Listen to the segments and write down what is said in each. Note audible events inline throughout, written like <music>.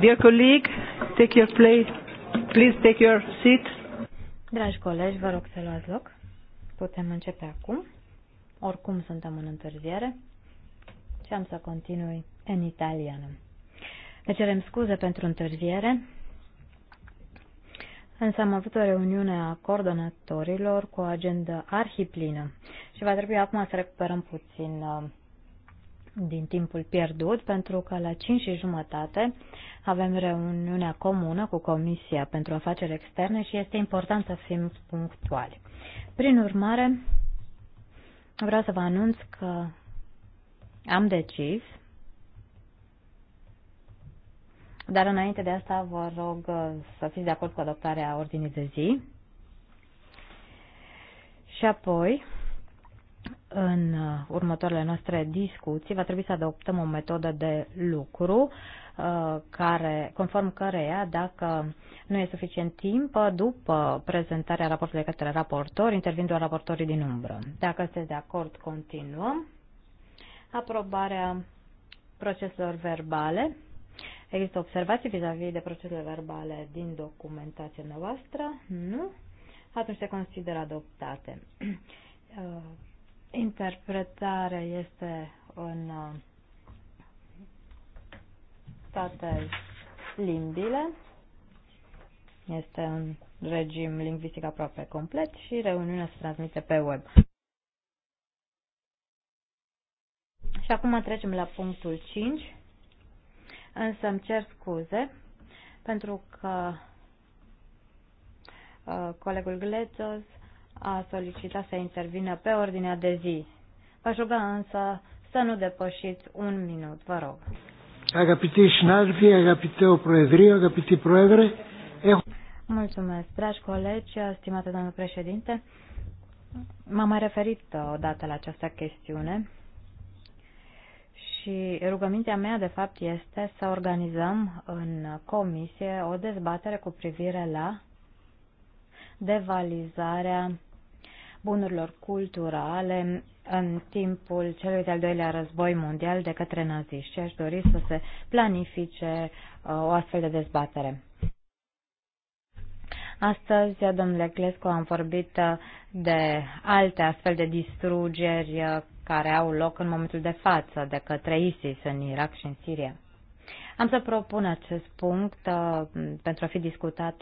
Dear colleague, take your place. Please take your seat. Dragi colegi, vă rog să luați loc. Putem începe acum. Oricum suntem în întârziere și am să continui în italiană. Ne cerem scuze pentru întârziere, însă am avut o reuniune a coordonatorilor cu o agendă arhiplină și va trebui acum să recuperăm puțin uh, din timpul pierdut, pentru că la 5 și jumătate avem reuniunea comună cu Comisia pentru Afaceri Externe și este important să fim punctuali. Prin urmare, vreau să vă anunț că am decis, dar înainte de asta vă rog să fiți de acord cu adoptarea ordinii de zi. Și apoi, în uh, următoarele noastre discuții va trebui să adoptăm o metodă de lucru uh, care, conform căreia, dacă nu e suficient timp, după prezentarea raportului către raportori, intervin doar raportorii din umbră. Dacă sunteți de acord, continuăm. Aprobarea proceselor verbale. Există observații vis-a-vis -vis de procesele verbale din documentația noastră? Nu? Atunci se consideră adoptate. <clears throat> Uh, interpretarea este în uh, toate limbile. Este un regim lingvistic aproape complet și reuniunea se transmite pe web. Și acum trecem la punctul 5. Însă îmi cer scuze pentru că uh, colegul Glețos a solicitat să intervină pe ordinea de zi. Vă aș ruga însă să nu depășiți un minut, vă rog. Agapiti Șnarfi, agapite o proedrie, agapiti proedre. Mulțumesc, dragi colegi, stimate domnul președinte. M-am mai referit odată la această chestiune și rugămintea mea, de fapt, este să organizăm în comisie o dezbatere cu privire la devalizarea bunurilor culturale în timpul celui de-al doilea război mondial de către naziști și aș dori să se planifice uh, o astfel de dezbatere. Astăzi, domnule Clescu, am vorbit uh, de alte astfel de distrugeri uh, care au loc în momentul de față de către ISIS în Irak și în Siria. Am să propun acest punct pentru a fi discutat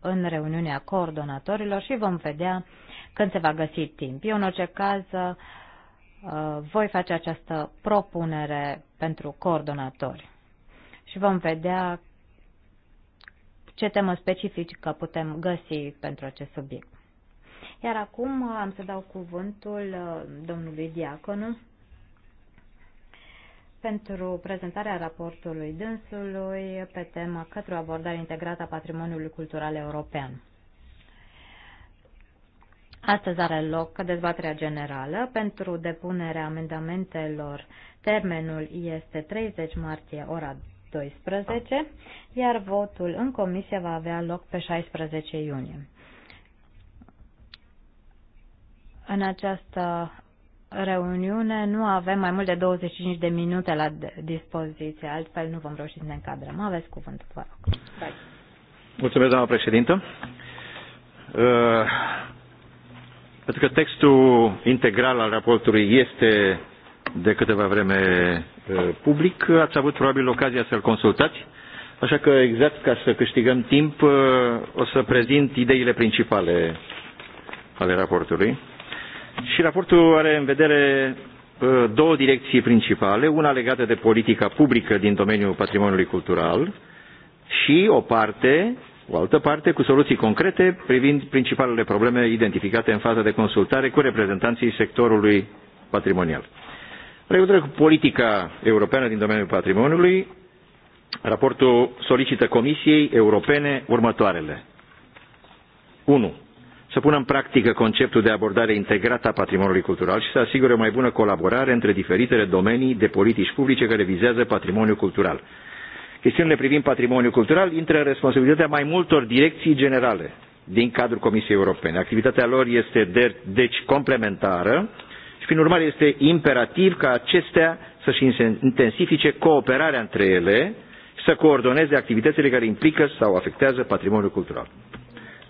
în reuniunea coordonatorilor și vom vedea când se va găsi timp. Eu, în orice caz, uh, voi face această propunere pentru coordonatori și vom vedea ce temă specifică putem găsi pentru acest subiect. Iar acum uh, am să dau cuvântul uh, domnului Diaconu pentru prezentarea raportului dânsului pe tema către o abordare integrată a patrimoniului cultural european. Astăzi are loc dezbaterea generală. Pentru depunerea amendamentelor, termenul este 30 martie, ora 12, iar votul în comisie va avea loc pe 16 iunie. În această reuniune nu avem mai mult de 25 de minute la dispoziție, altfel nu vom reuși să ne încadrăm. Aveți cuvântul, vă rog. Mulțumesc, doamna președintă. Uh... Pentru că textul integral al raportului este de câteva vreme public, ați avut probabil ocazia să-l consultați, așa că exact ca să câștigăm timp o să prezint ideile principale ale raportului. Și raportul are în vedere două direcții principale, una legată de politica publică din domeniul patrimoniului cultural și o parte o altă parte cu soluții concrete privind principalele probleme identificate în faza de consultare cu reprezentanții sectorului patrimonial. În cu politica europeană din domeniul patrimoniului, raportul solicită Comisiei Europene următoarele. 1. Să pună în practică conceptul de abordare integrată a patrimoniului cultural și să asigure o mai bună colaborare între diferitele domenii de politici publice care vizează patrimoniul cultural chestiunile privind patrimoniul cultural intră în responsabilitatea mai multor direcții generale din cadrul Comisiei Europene. Activitatea lor este de, deci complementară și prin urmare este imperativ ca acestea să-și intensifice cooperarea între ele și să coordoneze activitățile care implică sau afectează patrimoniul cultural.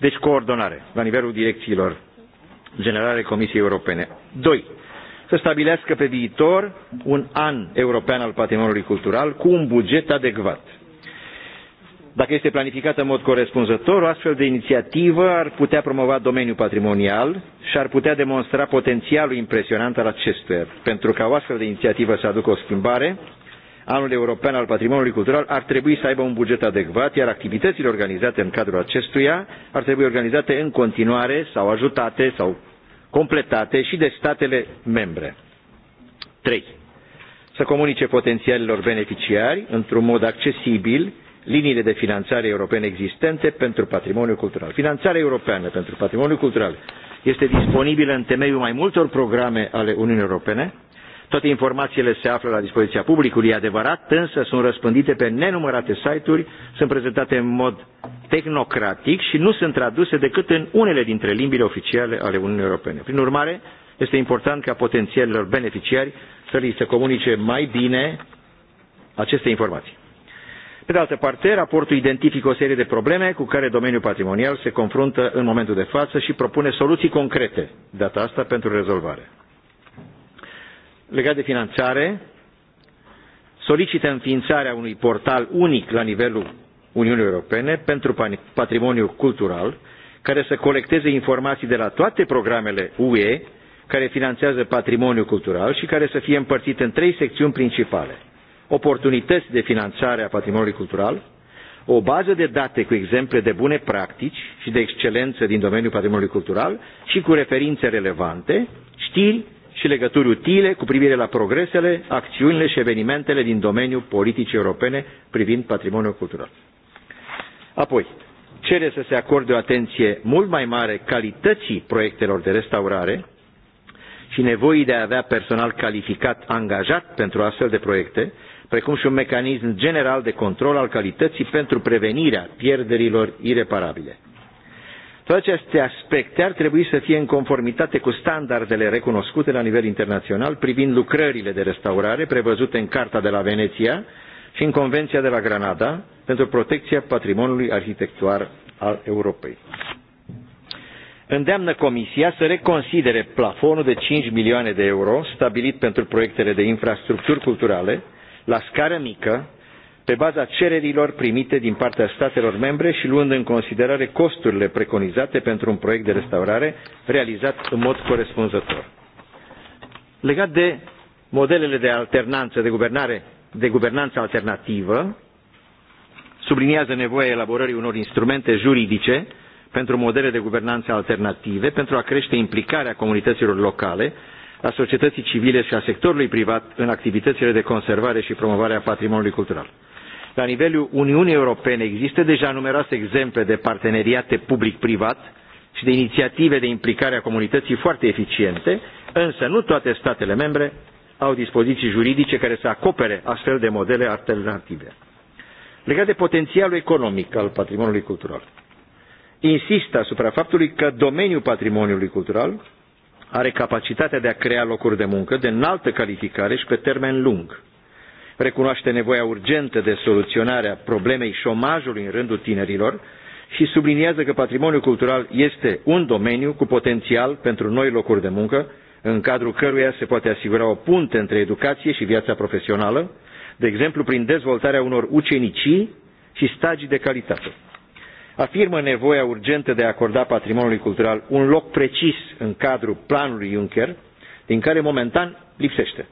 Deci coordonare la nivelul direcțiilor generale Comisiei Europene. 2 să stabilească pe viitor un an european al patrimoniului cultural cu un buget adecvat. Dacă este planificată în mod corespunzător, o astfel de inițiativă ar putea promova domeniul patrimonial și ar putea demonstra potențialul impresionant al acestuia. Pentru ca o astfel de inițiativă să aducă o schimbare, anul european al patrimoniului cultural ar trebui să aibă un buget adecvat, iar activitățile organizate în cadrul acestuia ar trebui organizate în continuare sau ajutate sau completate și de statele membre. 3. Să comunice potențialilor beneficiari, într-un mod accesibil, liniile de finanțare europene existente pentru patrimoniul cultural. Finanțarea europeană pentru patrimoniul cultural este disponibilă în temeiul mai multor programe ale Uniunii Europene, toate informațiile se află la dispoziția publicului, e adevărat, însă sunt răspândite pe nenumărate site-uri, sunt prezentate în mod tehnocratic și nu sunt traduse decât în unele dintre limbile oficiale ale Uniunii Europene. Prin urmare, este important ca potențialilor beneficiari să li se comunice mai bine aceste informații. Pe de altă parte, raportul identifică o serie de probleme cu care domeniul patrimonial se confruntă în momentul de față și propune soluții concrete, data asta, pentru rezolvare legat de finanțare, solicită înființarea unui portal unic la nivelul Uniunii Europene pentru patrimoniul cultural, care să colecteze informații de la toate programele UE care finanțează patrimoniul cultural și care să fie împărțit în trei secțiuni principale. Oportunități de finanțare a patrimoniului cultural, o bază de date cu exemple de bune practici și de excelență din domeniul patrimoniului cultural și cu referințe relevante, știri, și legături utile cu privire la progresele, acțiunile și evenimentele din domeniul politicii europene privind patrimoniul cultural. Apoi, cere să se acorde o atenție mult mai mare calității proiectelor de restaurare și nevoii de a avea personal calificat angajat pentru astfel de proiecte, precum și un mecanism general de control al calității pentru prevenirea pierderilor ireparabile. Toate aceste aspecte ar trebui să fie în conformitate cu standardele recunoscute la nivel internațional privind lucrările de restaurare prevăzute în Carta de la Veneția și în Convenția de la Granada pentru protecția patrimoniului arhitectural al Europei. Îndeamnă Comisia să reconsidere plafonul de 5 milioane de euro stabilit pentru proiectele de infrastructuri culturale la scară mică pe baza cererilor primite din partea statelor membre și luând în considerare costurile preconizate pentru un proiect de restaurare realizat în mod corespunzător. Legat de modelele de alternanță de guvernare, de guvernanță alternativă, subliniază nevoia elaborării unor instrumente juridice pentru modele de guvernanță alternative, pentru a crește implicarea comunităților locale, a societății civile și a sectorului privat în activitățile de conservare și promovare a patrimoniului cultural. La nivelul Uniunii Europene există deja numeroase exemple de parteneriate public-privat și de inițiative de implicare a comunității foarte eficiente, însă nu toate statele membre au dispoziții juridice care să acopere astfel de modele alternative. Legat de potențialul economic al patrimoniului cultural, insist asupra faptului că domeniul patrimoniului cultural are capacitatea de a crea locuri de muncă de înaltă calificare și pe termen lung recunoaște nevoia urgentă de soluționare a problemei șomajului în rândul tinerilor și subliniază că patrimoniul cultural este un domeniu cu potențial pentru noi locuri de muncă, în cadrul căruia se poate asigura o punte între educație și viața profesională, de exemplu prin dezvoltarea unor ucenicii și stagii de calitate. Afirmă nevoia urgentă de a acorda patrimoniului cultural un loc precis în cadrul planului Juncker, din care momentan lipsește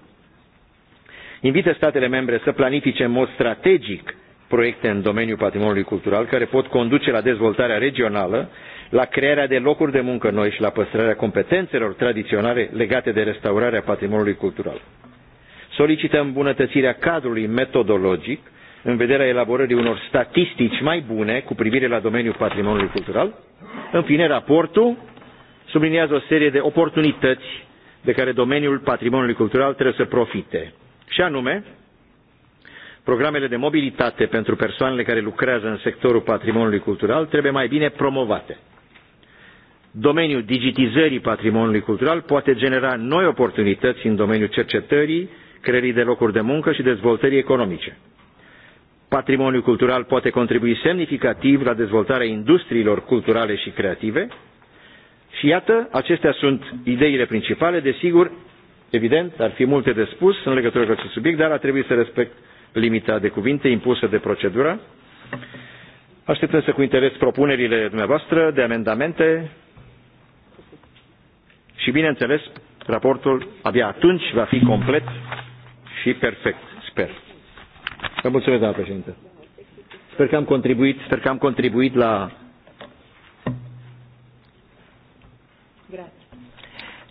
invită statele membre să planifice în mod strategic proiecte în domeniul patrimoniului cultural care pot conduce la dezvoltarea regională, la crearea de locuri de muncă noi și la păstrarea competențelor tradiționale legate de restaurarea patrimoniului cultural. Solicităm îmbunătățirea cadrului metodologic în vederea elaborării unor statistici mai bune cu privire la domeniul patrimoniului cultural. În fine, raportul subliniază o serie de oportunități de care domeniul patrimoniului cultural trebuie să profite și anume programele de mobilitate pentru persoanele care lucrează în sectorul patrimoniului cultural trebuie mai bine promovate. Domeniul digitizării patrimoniului cultural poate genera noi oportunități în domeniul cercetării, creării de locuri de muncă și dezvoltării economice. Patrimoniul cultural poate contribui semnificativ la dezvoltarea industriilor culturale și creative și iată, acestea sunt ideile principale, desigur, Evident, ar fi multe de spus în legătură cu acest subiect, dar ar trebui să respect limita de cuvinte impusă de procedură. Așteptăm să cu interes propunerile dumneavoastră de amendamente și, bineînțeles, raportul abia atunci va fi complet și perfect, sper. Vă mulțumesc, doamna președinte. Sper că am contribuit, sper că am contribuit la... Grazie.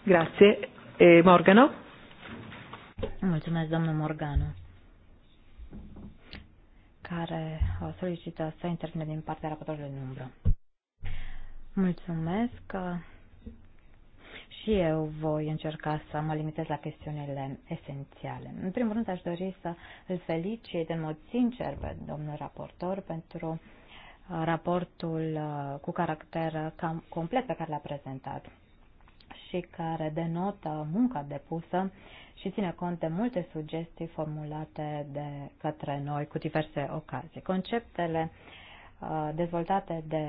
Grazie e, Morgano. Mulțumesc, domnul Morgano care a solicită să intervine din partea raportorului de umbră. Mulțumesc. Și eu voi încerca să mă limitez la chestiunile esențiale. În primul rând, aș dori să îl felicit în mod sincer pe domnul raportor pentru uh, raportul uh, cu caracter uh, cam complet pe care l-a prezentat și care denotă munca depusă și ține cont de multe sugestii formulate de către noi cu diverse ocazii. Conceptele uh, dezvoltate de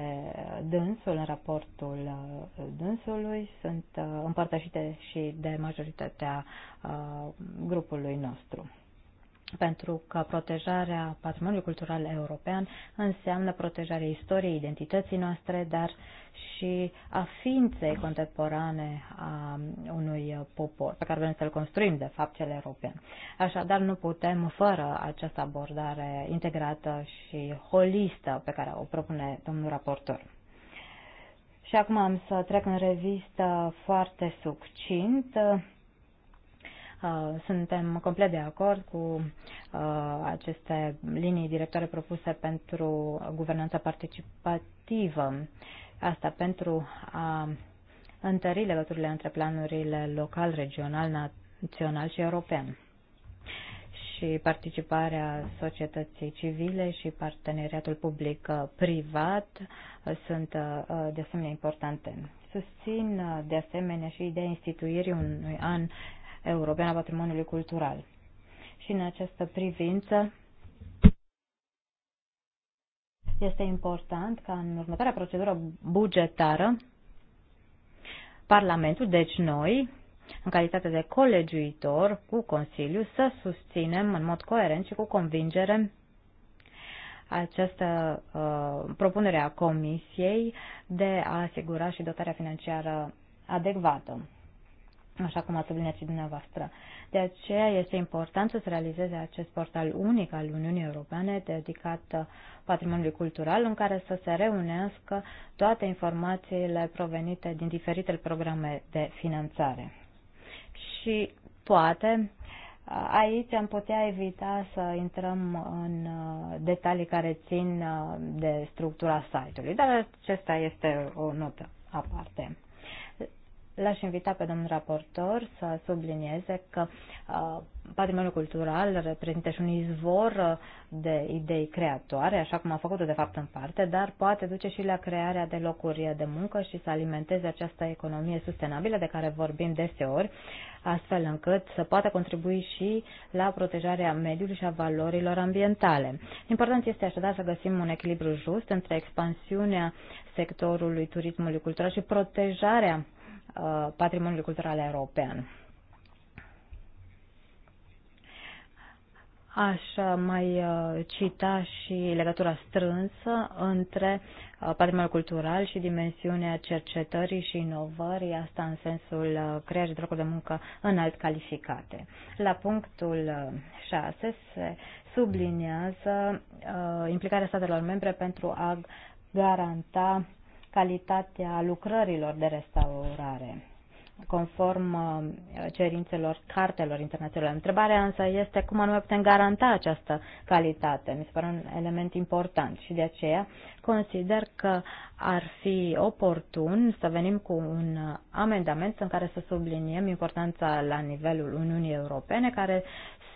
dânsul în raportul uh, dânsului sunt uh, împărtășite și de majoritatea grupului nostru pentru că protejarea patrimoniului cultural european înseamnă protejarea istoriei, identității noastre, dar și a ființei contemporane a unui popor pe care vrem să-l construim, de fapt, cel european. Așadar, nu putem, fără această abordare integrată și holistă pe care o propune domnul raportor. Și acum am să trec în revistă foarte succint Uh, suntem complet de acord cu uh, aceste linii directoare propuse pentru guvernanța participativă. Asta pentru a întări legăturile între planurile local, regional, național și european și participarea societății civile și parteneriatul public-privat sunt uh, de asemenea importante. Susțin de asemenea și ideea instituirii unui an Europeană a Patrimoniului Cultural. Și în această privință este important ca în următoarea procedură bugetară Parlamentul, deci noi, în calitate de colegiuitor cu Consiliu, să susținem în mod coerent și cu convingere această uh, propunere a Comisiei de a asigura și dotarea financiară adecvată așa cum ați subliniat și dumneavoastră. De aceea este important să se realizeze acest portal unic al Uniunii Europene dedicat uh, patrimoniului cultural în care să se reunească toate informațiile provenite din diferitele programe de finanțare. Și poate uh, aici am putea evita să intrăm în uh, detalii care țin de structura site-ului, dar acesta este o notă aparte. L-aș invita pe domnul raportor să sublinieze că uh, patrimoniul cultural reprezintă și un izvor uh, de idei creatoare, așa cum a făcut-o de fapt în parte, dar poate duce și la crearea de locuri de muncă și să alimenteze această economie sustenabilă de care vorbim deseori, astfel încât să poată contribui și la protejarea mediului și a valorilor ambientale. Important este așadar să găsim un echilibru just între expansiunea sectorului turismului cultural și protejarea Uh, patrimoniului cultural european. Aș uh, mai uh, cita și legătura strânsă între patrimoniul cultural și dimensiunea cercetării și inovării, asta în sensul creării de locuri de muncă înalt calificate. La punctul 6 se subliniază implicarea statelor membre pentru a garanta calitatea lucrărilor de restaurare conform uh, cerințelor cartelor internaționale. Întrebarea însă este cum anume putem garanta această calitate. Mi se pare un element important și de aceea consider că ar fi oportun să venim cu un amendament în care să subliniem importanța la nivelul Uniunii Europene care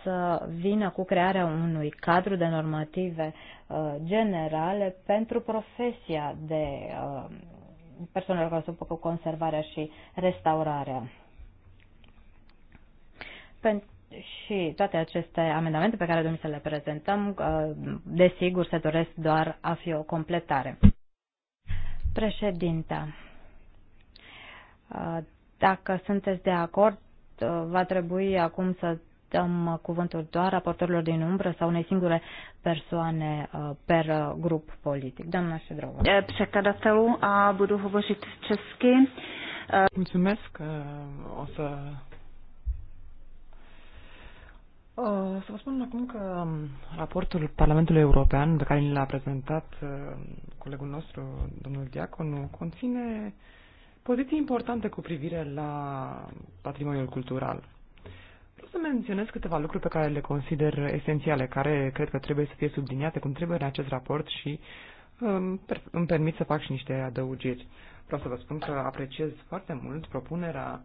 să vină cu crearea unui cadru de normative uh, generale pentru profesia de uh, persoanelor care se ocupă cu conservarea și restaurarea. Pen- și toate aceste amendamente pe care dorim să le prezentăm, uh, desigur, se doresc doar a fi o completare. Președinta, uh, dacă sunteți de acord, uh, va trebui acum să dăm uh, cuvântul doar raportorilor din umbră sau unei singure persoane uh, per uh, grup politic. Doamna Ședrovă. Překladatelů a budu hovořit česky. Mulțumesc. O să o să vă spun acum că um, raportul Parlamentului European pe care ni l-a prezentat colegul nostru, domnul Diaconu, conține poziții importante cu privire la patrimoniul cultural să menționez câteva lucruri pe care le consider esențiale, care cred că trebuie să fie subliniate cum trebuie în acest raport și um, îmi permit să fac și niște adăugiri. Vreau să vă spun că apreciez foarte mult propunerea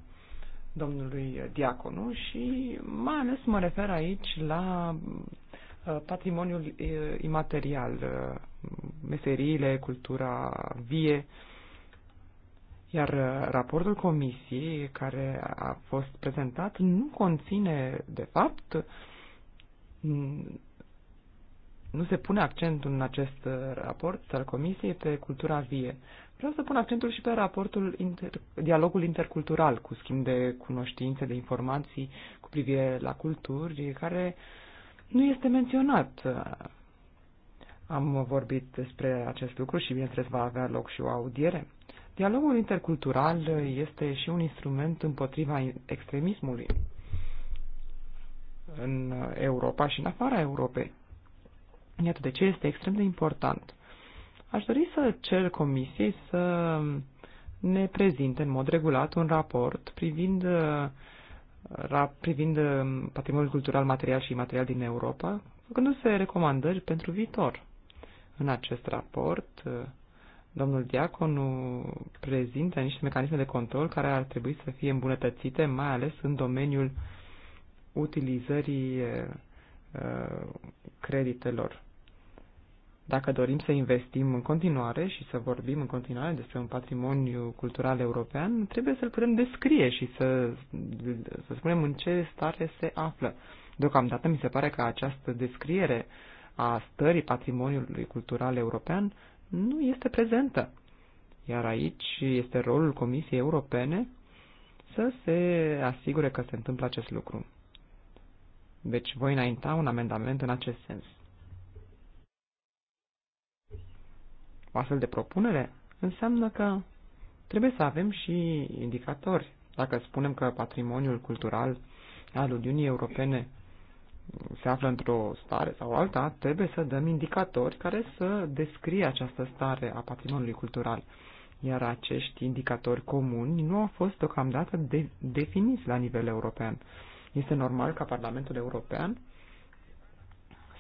domnului Diaconu și mai ales mă refer aici la uh, patrimoniul uh, imaterial, uh, meseriile, cultura vie, iar uh, raportul comisiei care a fost prezentat nu conține, de fapt, nu se pune accentul în acest uh, raport al comisiei pe cultura vie. Vreau să pun accentul și pe raportul inter, dialogul intercultural cu schimb de cunoștințe, de informații cu privire la culturi, care nu este menționat. Am vorbit despre acest lucru și, bineînțeles, va avea loc și o audiere Dialogul intercultural este și un instrument împotriva extremismului în Europa și în afara Europei. Iată de ce este extrem de important. Aș dori să cer comisiei să ne prezinte în mod regulat un raport privind, privind patrimoniul cultural, material și imaterial din Europa, făcându-se recomandări pentru viitor. În acest raport, Domnul Diaconu prezintă niște mecanisme de control care ar trebui să fie îmbunătățite, mai ales în domeniul utilizării creditelor. Dacă dorim să investim în continuare și să vorbim în continuare despre un patrimoniu cultural european, trebuie să-l putem descrie și să, să spunem în ce stare se află. Deocamdată mi se pare că această descriere a stării patrimoniului cultural european nu este prezentă. Iar aici este rolul Comisiei Europene să se asigure că se întâmplă acest lucru. Deci voi înainta un amendament în acest sens. O astfel de propunere înseamnă că trebuie să avem și indicatori. Dacă spunem că patrimoniul cultural al Uniunii Europene se află într-o stare sau alta, trebuie să dăm indicatori care să descrie această stare a patrimoniului cultural. Iar acești indicatori comuni nu au fost deocamdată de- definiți la nivel european. Este normal ca Parlamentul European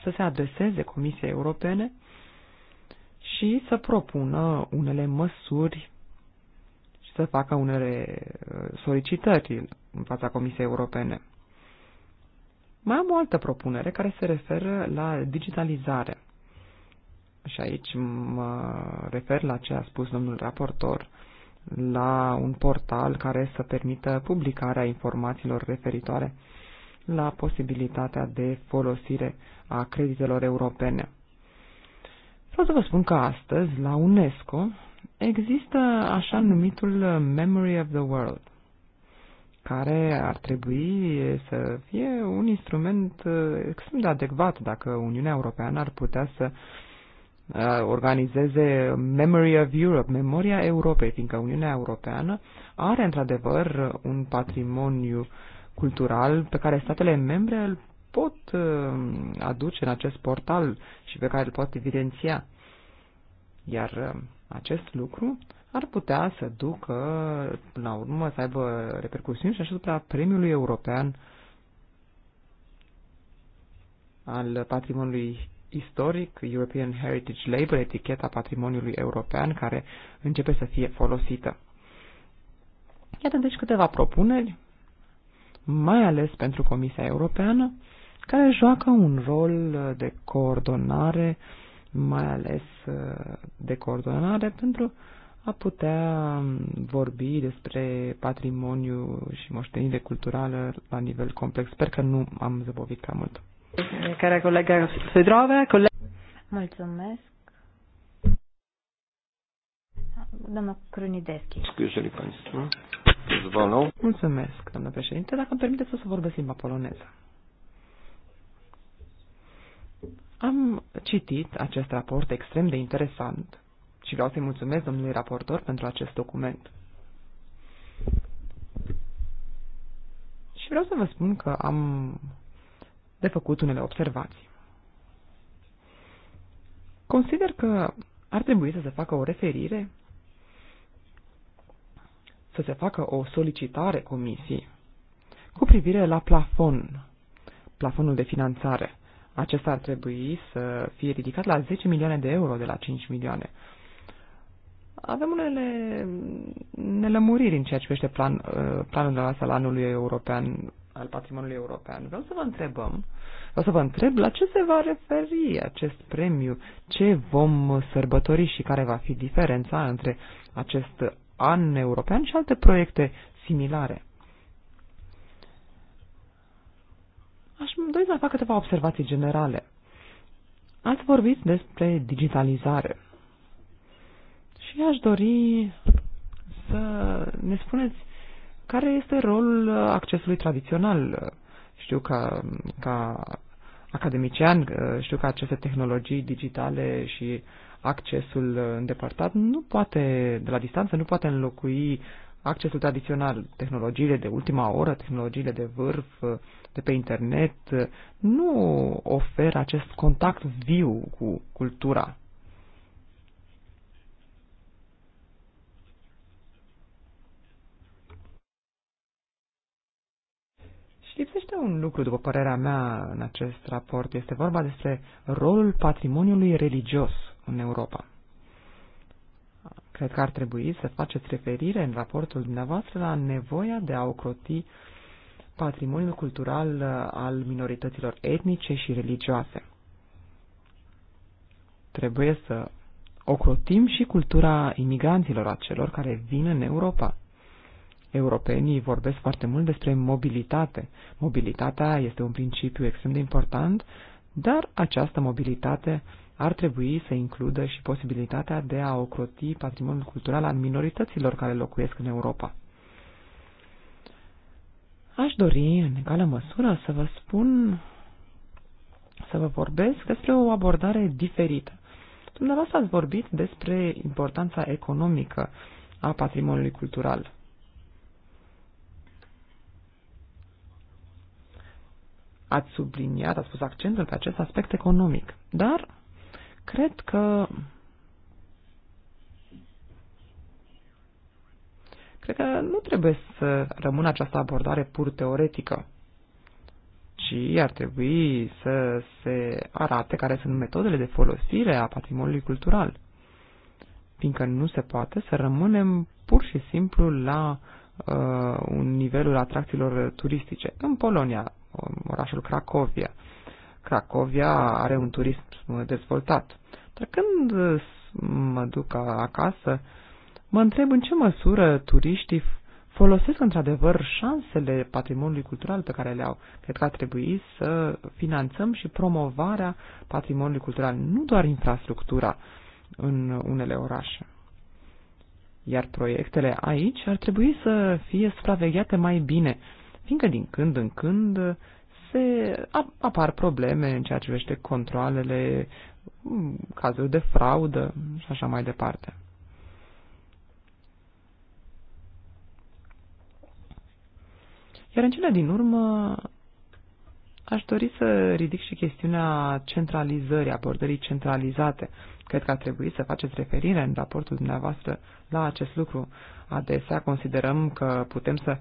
să se adreseze Comisiei Europene și să propună unele măsuri și să facă unele uh, solicitări în fața Comisiei Europene. Mai am o altă propunere care se referă la digitalizare. Și aici mă refer la ce a spus domnul raportor, la un portal care să permită publicarea informațiilor referitoare la posibilitatea de folosire a creditelor europene. Vreau să vă spun că astăzi, la UNESCO, există așa numitul Memory of the World, care ar trebui să fie un instrument uh, extrem de adecvat dacă Uniunea Europeană ar putea să uh, organizeze Memory of Europe, memoria Europei, fiindcă Uniunea Europeană are într-adevăr un patrimoniu cultural pe care statele membre îl pot uh, aduce în acest portal și pe care îl pot evidenția. Iar acest lucru ar putea să ducă, până la urmă, să aibă repercusiuni și asupra premiului european al patrimoniului istoric, European Heritage Label, eticheta patrimoniului european, care începe să fie folosită. Iată deci câteva propuneri, mai ales pentru Comisia Europeană, care joacă un rol de coordonare, mai ales de coordonare pentru uh, a putea vorbi despre patrimoniu și moștenire culturală la nivel complex. Sper că nu am zăbovit prea mult. Care colega se drove, coleg... Mulțumesc. Doamna Crunideschi. Scuzele, Zvonu. Mulțumesc, doamna președinte. Dacă îmi permiteți, să vorbesc limba poloneză. Am citit acest raport extrem de interesant și vreau să-i mulțumesc domnului raportor pentru acest document. Și vreau să vă spun că am de făcut unele observații. Consider că ar trebui să se facă o referire, să se facă o solicitare comisiei cu privire la plafon, plafonul de finanțare. Acesta ar trebui să fie ridicat la 10 milioane de euro de la 5 milioane avem unele nelămuriri în ceea ce privește plan, uh, planul de la anului european, al patrimoniului european. Vreau să vă întrebăm, vreau să vă întreb la ce se va referi acest premiu, ce vom sărbători și care va fi diferența între acest an european și alte proiecte similare. Aș dori să fac câteva observații generale. Ați vorbit despre digitalizare. Și aș dori să ne spuneți care este rolul accesului tradițional. Știu ca, ca academician, știu că aceste tehnologii digitale și accesul îndepărtat nu poate, de la distanță, nu poate înlocui accesul tradițional, tehnologiile de ultima oră, tehnologiile de vârf, de pe internet, nu oferă acest contact viu cu cultura Și lipsește un lucru, după părerea mea, în acest raport. Este vorba despre rolul patrimoniului religios în Europa. Cred că ar trebui să faceți referire în raportul dumneavoastră la nevoia de a ocroti patrimoniul cultural uh, al minorităților etnice și religioase. Trebuie să ocrotim și cultura imigranților, acelor care vin în Europa europenii vorbesc foarte mult despre mobilitate. Mobilitatea este un principiu extrem de important, dar această mobilitate ar trebui să includă și posibilitatea de a ocroti patrimoniul cultural al minorităților care locuiesc în Europa. Aș dori, în egală măsură, să vă spun, să vă vorbesc despre o abordare diferită. Dumneavoastră ați vorbit despre importanța economică a patrimoniului cultural. Ați subliniat, ați pus accentul pe acest aspect economic, dar cred că Cred că nu trebuie să rămână această abordare pur teoretică, ci ar trebui să se arate care sunt metodele de folosire a patrimoniului cultural, fiindcă nu se poate să rămânem pur și simplu la uh, un nivelul atracțiilor turistice. În Polonia, orașul Cracovia. Cracovia are un turism dezvoltat. Dar când uh, mă duc acasă, mă întreb în ce măsură turiștii folosesc într-adevăr șansele patrimoniului cultural pe care le au. Cred că ar trebui să finanțăm și promovarea patrimoniului cultural, nu doar infrastructura în unele orașe. Iar proiectele aici ar trebui să fie supravegheate mai bine, fiindcă din când în când se apar probleme în ceea ce vește controlele, mm, cazuri de fraudă și așa mai departe. Iar în cele din urmă, aș dori să ridic și chestiunea centralizării, abordării centralizate. Cred că ar trebui să faceți referire în raportul dumneavoastră la acest lucru. Adesea considerăm că putem să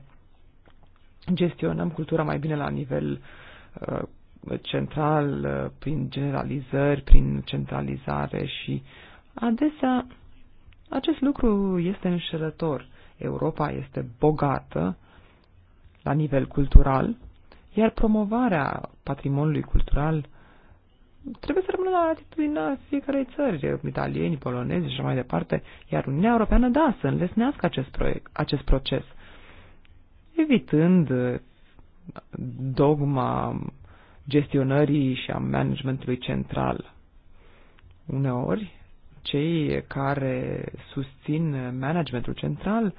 gestionăm cultura mai bine la nivel Uh, central uh, prin generalizări, prin centralizare și adesea acest lucru este înșelător. Europa este bogată la nivel cultural, iar promovarea patrimoniului cultural trebuie să rămână la atitudinea fiecarei țări, italieni, polonezi și așa mai departe, iar Uniunea Europeană, da, să înlesnească acest, proiect, acest proces, evitând dogma gestionării și a managementului central. Uneori, cei care susțin managementul central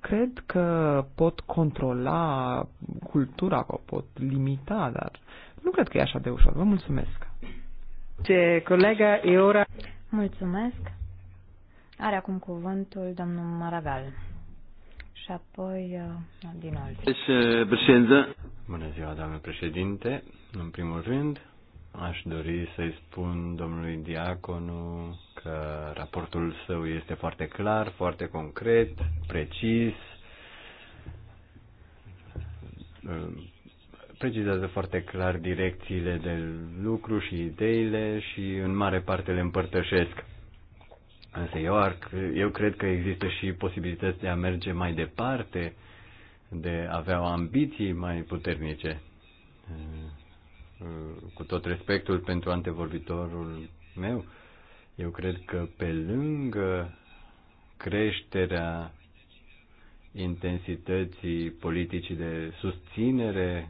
cred că pot controla cultura, că o pot limita, dar nu cred că e așa de ușor. Vă mulțumesc. Ce colega e ora. Mulțumesc. Are acum cuvântul domnul Maragal și apoi uh, din alt. Deci, uh, Bună ziua, doamne președinte. În primul rând, aș dori să-i spun domnului Diaconu că raportul său este foarte clar, foarte concret, precis, uh, precizează foarte clar direcțiile de lucru și ideile și în mare parte le împărtășesc. Însă eu, ar, eu cred că există și posibilități de a merge mai departe, de a avea ambiții mai puternice. Cu tot respectul pentru antevorbitorul meu, eu cred că pe lângă creșterea intensității politicii de susținere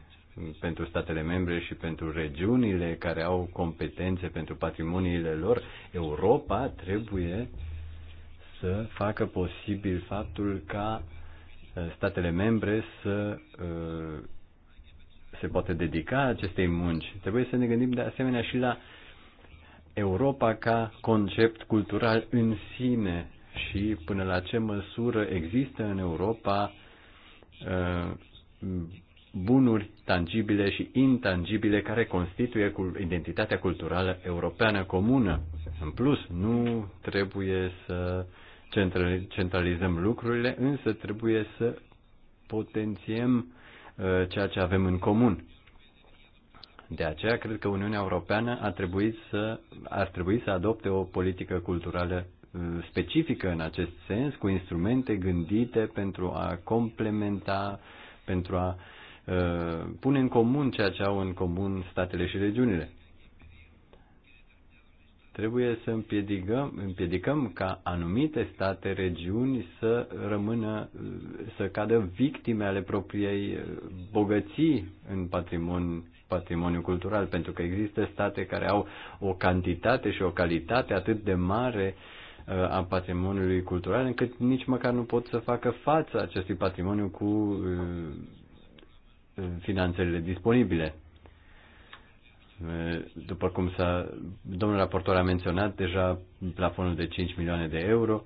pentru statele membre și pentru regiunile care au competențe pentru patrimoniile lor, Europa trebuie să facă posibil faptul ca uh, statele membre să uh, se poate dedica acestei munci. Trebuie să ne gândim de asemenea și la Europa ca concept cultural în sine și până la ce măsură există în Europa uh, bunuri tangibile și intangibile care constituie identitatea culturală europeană comună. În plus, nu trebuie să centralizăm lucrurile, însă trebuie să potențiem uh, ceea ce avem în comun. De aceea cred că Uniunea Europeană a trebuit să, ar trebui să adopte o politică culturală uh, specifică în acest sens, cu instrumente gândite pentru a complementa, pentru a uh, Uh, pune în comun ceea ce au în comun statele și regiunile. Trebuie să împiedicăm, împiedicăm ca anumite state, regiuni să rămână, uh, să cadă victime ale propriei uh, bogății în patrimoniu, patrimoniu cultural, pentru că există state care au o cantitate și o calitate atât de mare a patrimoniului cultural, încât nici măcar nu pot să facă față acestui patrimoniu cu finanțele disponibile. După cum s-a, domnul raportor a menționat deja plafonul de 5 milioane de euro,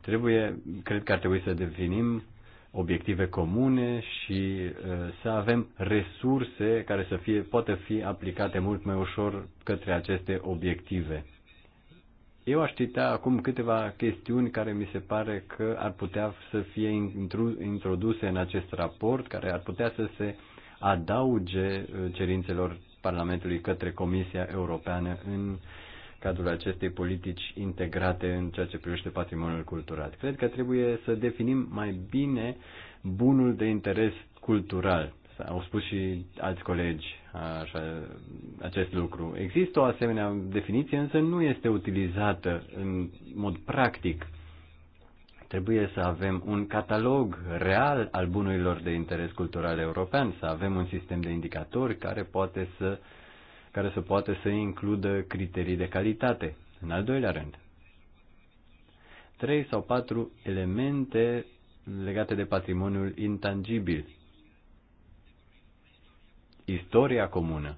trebuie, cred că ar trebui să definim obiective comune și uh, să avem resurse care să fie, poată fi aplicate mult mai ușor către aceste obiective. Eu aș cita acum câteva chestiuni care mi se pare că ar putea să fie introduse în acest raport, care ar putea să se adauge uh, cerințelor Parlamentului către Comisia Europeană în cadrul acestei politici integrate în ceea ce privește patrimoniul cultural. Cred că trebuie să definim mai bine bunul de interes cultural. Au spus și alți colegi așa, acest lucru. Există o asemenea definiție, însă nu este utilizată în mod practic. Trebuie să avem un catalog real al bunurilor de interes cultural european, să avem un sistem de indicatori care poate să care să poate să includă criterii de calitate. În al doilea rând, trei sau patru elemente legate de patrimoniul intangibil istoria comună.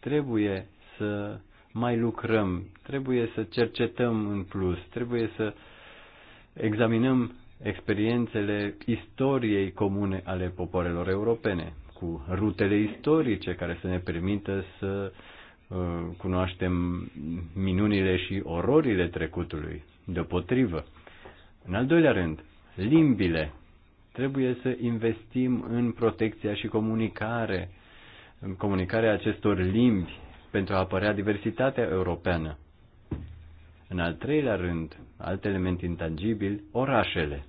Trebuie să mai lucrăm, trebuie să cercetăm în plus, trebuie să examinăm experiențele istoriei comune ale popoarelor europene, cu rutele istorice care să ne permită să uh, cunoaștem minunile și ororile trecutului, deopotrivă. În al doilea rând, limbile. Trebuie să investim în protecția și comunicare comunicarea acestor limbi pentru a apărea diversitatea europeană. În al treilea rând, alt element intangibil, orașele.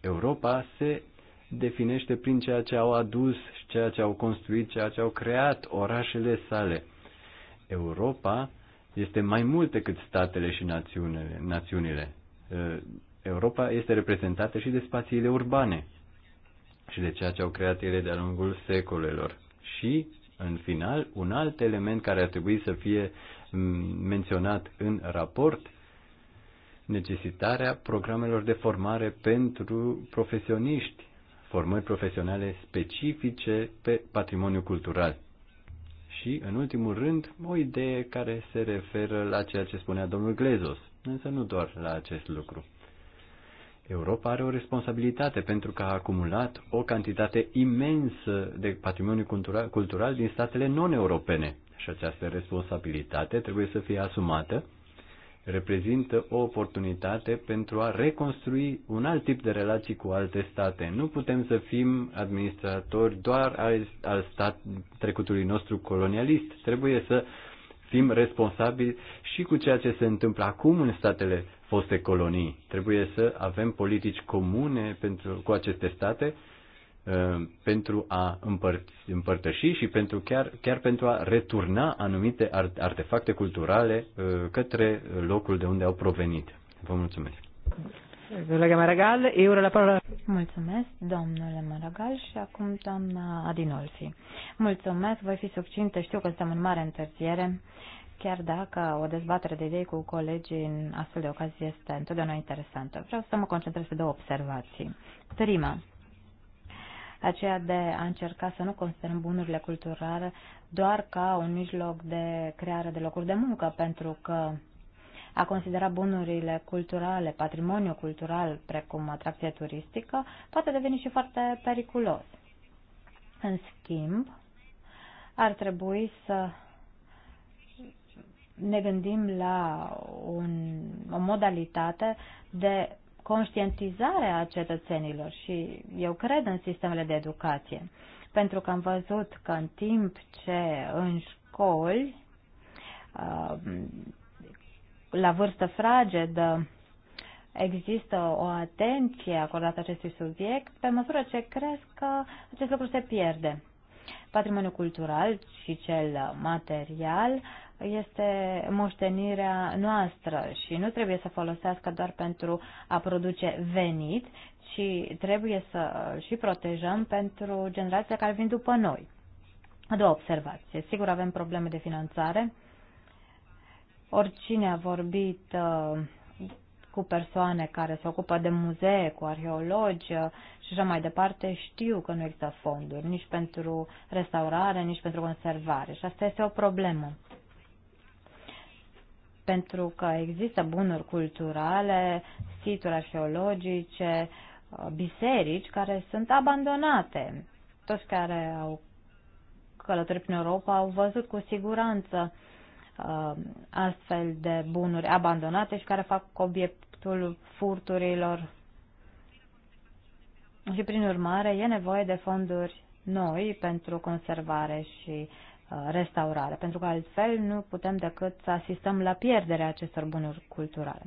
Europa se definește prin ceea ce au adus, ceea ce au construit, ceea ce au creat orașele sale. Europa este mai mult decât statele și națiunile. națiunile. Uh, Europa este reprezentată și de spațiile urbane și de ceea ce au creat ele de-a lungul secolelor și în final, un alt element care ar trebui să fie mm, menționat în raport necesitarea programelor de formare pentru profesioniști, formări profesionale specifice pe patrimoniu cultural. Și, în ultimul rând, o idee care se referă la ceea ce spunea domnul Glezos, însă nu doar la acest lucru. Europa are o responsabilitate pentru că a acumulat o cantitate imensă de patrimoniu cultural, cultural din statele non-europene. Și această responsabilitate trebuie să fie asumată, reprezintă o oportunitate pentru a reconstrui un alt tip de relații cu alte state. Nu putem să fim administratori doar al, al stat trecutului nostru colonialist. Trebuie să fim responsabili și cu ceea ce se întâmplă acum în statele foste colonii. Trebuie să avem politici comune pentru, cu aceste state uh, pentru a împărți, împărtăși și pentru chiar, chiar pentru a returna anumite artefacte culturale uh, către locul de unde au provenit. Vă mulțumesc. Colega Maragal, eu la parola. Mulțumesc, domnule Maragal și acum doamna Adinolfi. Mulțumesc, voi fi succintă, știu că suntem în mare întârziere chiar dacă o dezbatere de idei cu colegii în astfel de ocazie este întotdeauna interesantă. Vreau să mă concentrez pe două observații. Prima, aceea de a încerca să nu considerăm bunurile culturale doar ca un mijloc de creare de locuri de muncă, pentru că a considera bunurile culturale, patrimoniu cultural, precum atracție turistică, poate deveni și foarte periculos. În schimb, ar trebui să ne gândim la un, o modalitate de conștientizare a cetățenilor și eu cred în sistemele de educație, pentru că am văzut că în timp ce în școli, uh, la vârstă fragedă, există o atenție acordată acestui subiect, pe măsură ce cresc că uh, acest lucru se pierde. Patrimoniul cultural și cel material uh, este moștenirea noastră și nu trebuie să folosească doar pentru a produce venit, ci trebuie să și protejăm pentru generația care vin după noi. A doua observație. Sigur avem probleme de finanțare. Oricine a vorbit uh, cu persoane care se ocupă de muzee, cu arheologi uh, și așa mai departe, știu că nu există fonduri nici pentru restaurare, nici pentru conservare. Și asta este o problemă pentru că există bunuri culturale, situri arheologice, uh, biserici care sunt abandonate. Toți care au călătorit prin Europa au văzut cu siguranță uh, astfel de bunuri abandonate și care fac obiectul furturilor. Și prin urmare e nevoie de fonduri noi pentru conservare și Uh, restaurare, pentru că altfel nu putem decât să asistăm la pierderea acestor bunuri culturale.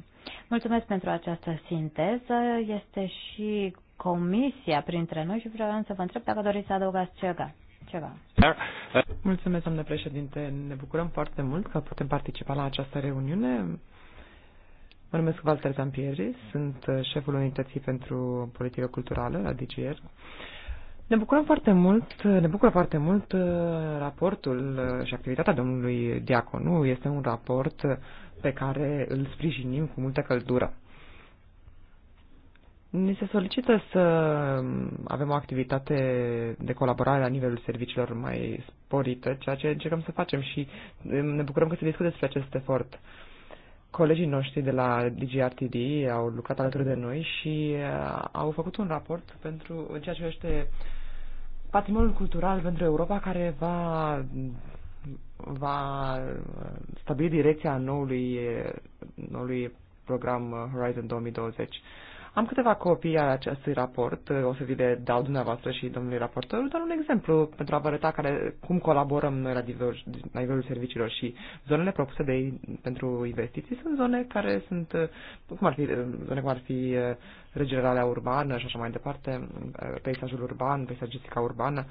Mulțumesc pentru această sinteză. Este și comisia printre noi și vreau să vă întreb dacă doriți să adăugați ceva. ceva. Mulțumesc, domnule președinte. Ne bucurăm foarte mult că putem participa la această reuniune. Mă numesc Walter Zampieri, sunt șeful unității pentru politică culturală la DGR ne bucurăm foarte mult, ne bucură foarte mult uh, raportul uh, și activitatea domnului Diaconu. Este un raport uh, pe care îl sprijinim cu multă căldură. Ne se solicită să um, avem o activitate de colaborare la nivelul serviciilor mai sporită, ceea ce încercăm să facem și um, ne bucurăm că se discută despre acest efort. Colegii noștri de la DGRTD au lucrat alături de noi și uh, au făcut un raport pentru în ceea ce este patrimoniul cultural pentru Europa care va va stabili direcția noului, noului program Horizon 2020. Am câteva copii ale acestui raport, o să vi le dau dumneavoastră și domnului raportor, Dar un exemplu pentru a vă arăta care, cum colaborăm noi la, nivel, la nivelul serviciilor și zonele propuse de, pentru investiții sunt zone care sunt, cum ar fi, zone cum ar fi eh, regenerarea urbană și așa mai departe, eh, peisajul urban, peisagistica urbană,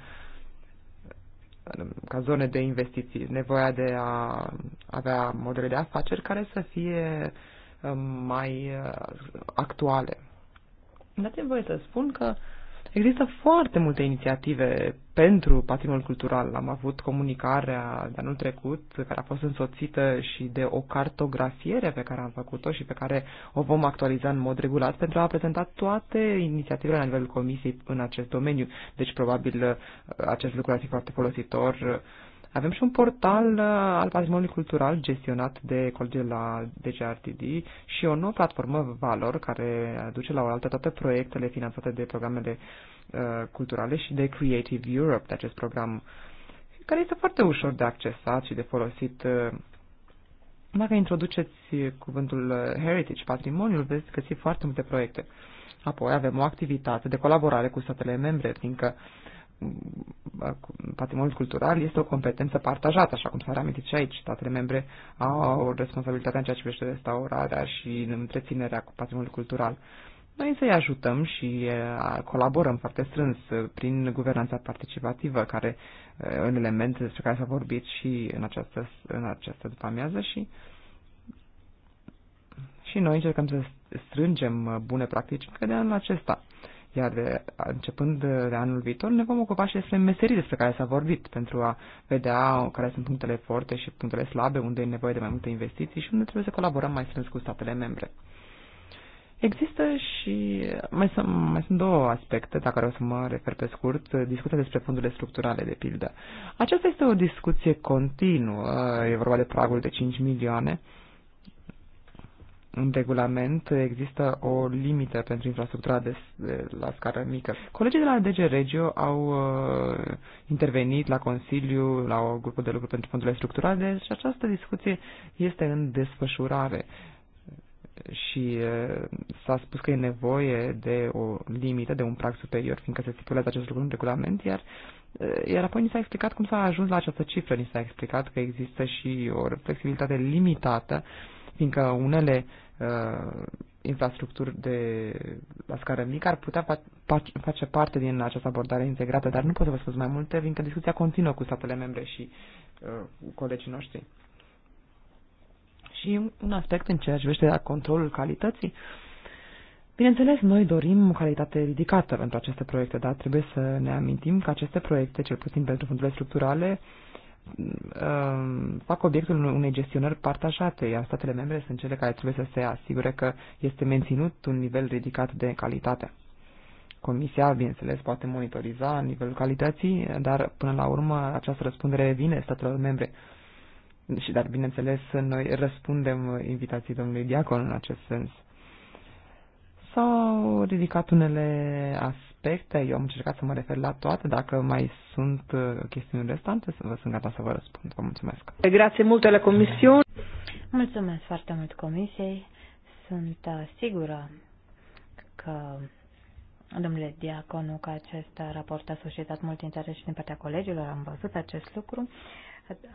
eh, ca zone de investiții, nevoia de a avea modele de afaceri care să fie mai actuale Dați-mi voie să spun că există foarte multe inițiative pentru patrimoniul cultural. Am avut comunicarea de anul trecut, care a fost însoțită și de o cartografiere pe care am făcut-o și pe care o vom actualiza în mod regulat pentru a prezenta toate inițiativele la nivelul comisiei în acest domeniu. Deci, probabil, acest lucru ar fi foarte folositor uh, avem și un portal uh, al patrimoniului cultural gestionat de colegii la DGRTD și o nouă platformă Valor care aduce la oaltă toate proiectele finanțate de programele uh, culturale și de Creative Europe, de acest program care este foarte ușor de accesat și de folosit. Uh. Dacă introduceți cuvântul heritage, patrimoniul, veți găsi foarte multe proiecte. Apoi avem o activitate de colaborare cu statele membre, fiindcă uh, patrimoniul cultural este o competență partajată, așa cum s-a reamintit și aici. Statele membre au o responsabilitate în ceea ce privește restaurarea și întreținerea cu patrimoniul cultural. Noi să-i ajutăm și colaborăm foarte strâns prin guvernanța participativă, care un element despre care s-a vorbit și în această, în această după-amiază și și noi încercăm să strângem bune practici încă de anul acesta. Iar de, uh, începând uh, de anul viitor ne vom ocupa și despre meserii despre care s-a vorbit pentru a vedea uh, care sunt punctele forte și punctele slabe, unde e nevoie de mai multe investiții și unde trebuie să colaborăm mai strâns cu statele membre. Există și mai sunt, mai sunt două aspecte dacă o să mă refer pe scurt, discuția despre fondurile structurale, de pildă. Aceasta este o discuție continuă, e vorba de pragul de 5 milioane, uh, în regulament există o limită pentru infrastructura de, de, la scară mică. Colegii de la DG Regio au uh, intervenit la Consiliu, la o grupă de lucru pentru fondurile structurale, deci această discuție este în desfășurare și uh, s-a spus că e nevoie de o limită, de un prag superior, fiindcă se stipulează acest lucru în regulament, iar uh, iar apoi ni s-a explicat cum s-a ajuns la această cifră, ni s-a explicat că există și o flexibilitate limitată, fiindcă unele uh, uh, infrastructuri de la scară mică ar putea fa- face parte din această abordare integrată, dar nu pot să vă spun mai multe, fiindcă discuția continuă cu statele membre și uh, cu colegii noștri. Și un aspect în ceea ce la controlul calității. Bineînțeles, noi dorim o calitate ridicată pentru aceste proiecte, dar trebuie să ne amintim că aceste proiecte, cel puțin pentru fondurile structurale, uh, Um, fac obiectul unei gestionări partajate, iar statele membre sunt cele care trebuie să se asigure că este menținut un nivel ridicat de calitate. Comisia, bineînțeles, poate monitoriza nivelul calității, dar până la urmă această răspundere vine statelor membre. Și dar, bineînțeles, noi răspundem invitației domnului Diacon în acest sens. S-au ridicat unele as aspecte. Eu am încercat să mă refer la toate. Dacă mai sunt uh, chestiuni restante, vă sunt gata să vă răspund. Vă mulțumesc. Grație multe la comisiune. Mulțumesc foarte mult comisiei. Sunt uh, sigură că Domnule Diaconu, că acest raport a suscitat mult interes și din partea colegilor, am văzut acest lucru.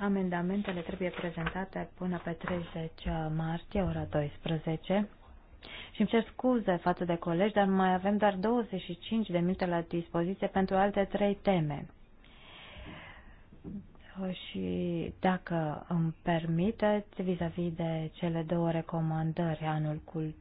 Amendamentele trebuie prezentate până pe 30 martie, ora 12. Și îmi cer scuze față de colegi, dar mai avem doar 25 de minute la dispoziție pentru alte trei teme. Și dacă îmi permiteți, vis-a-vis -vis de cele două recomandări, anul cult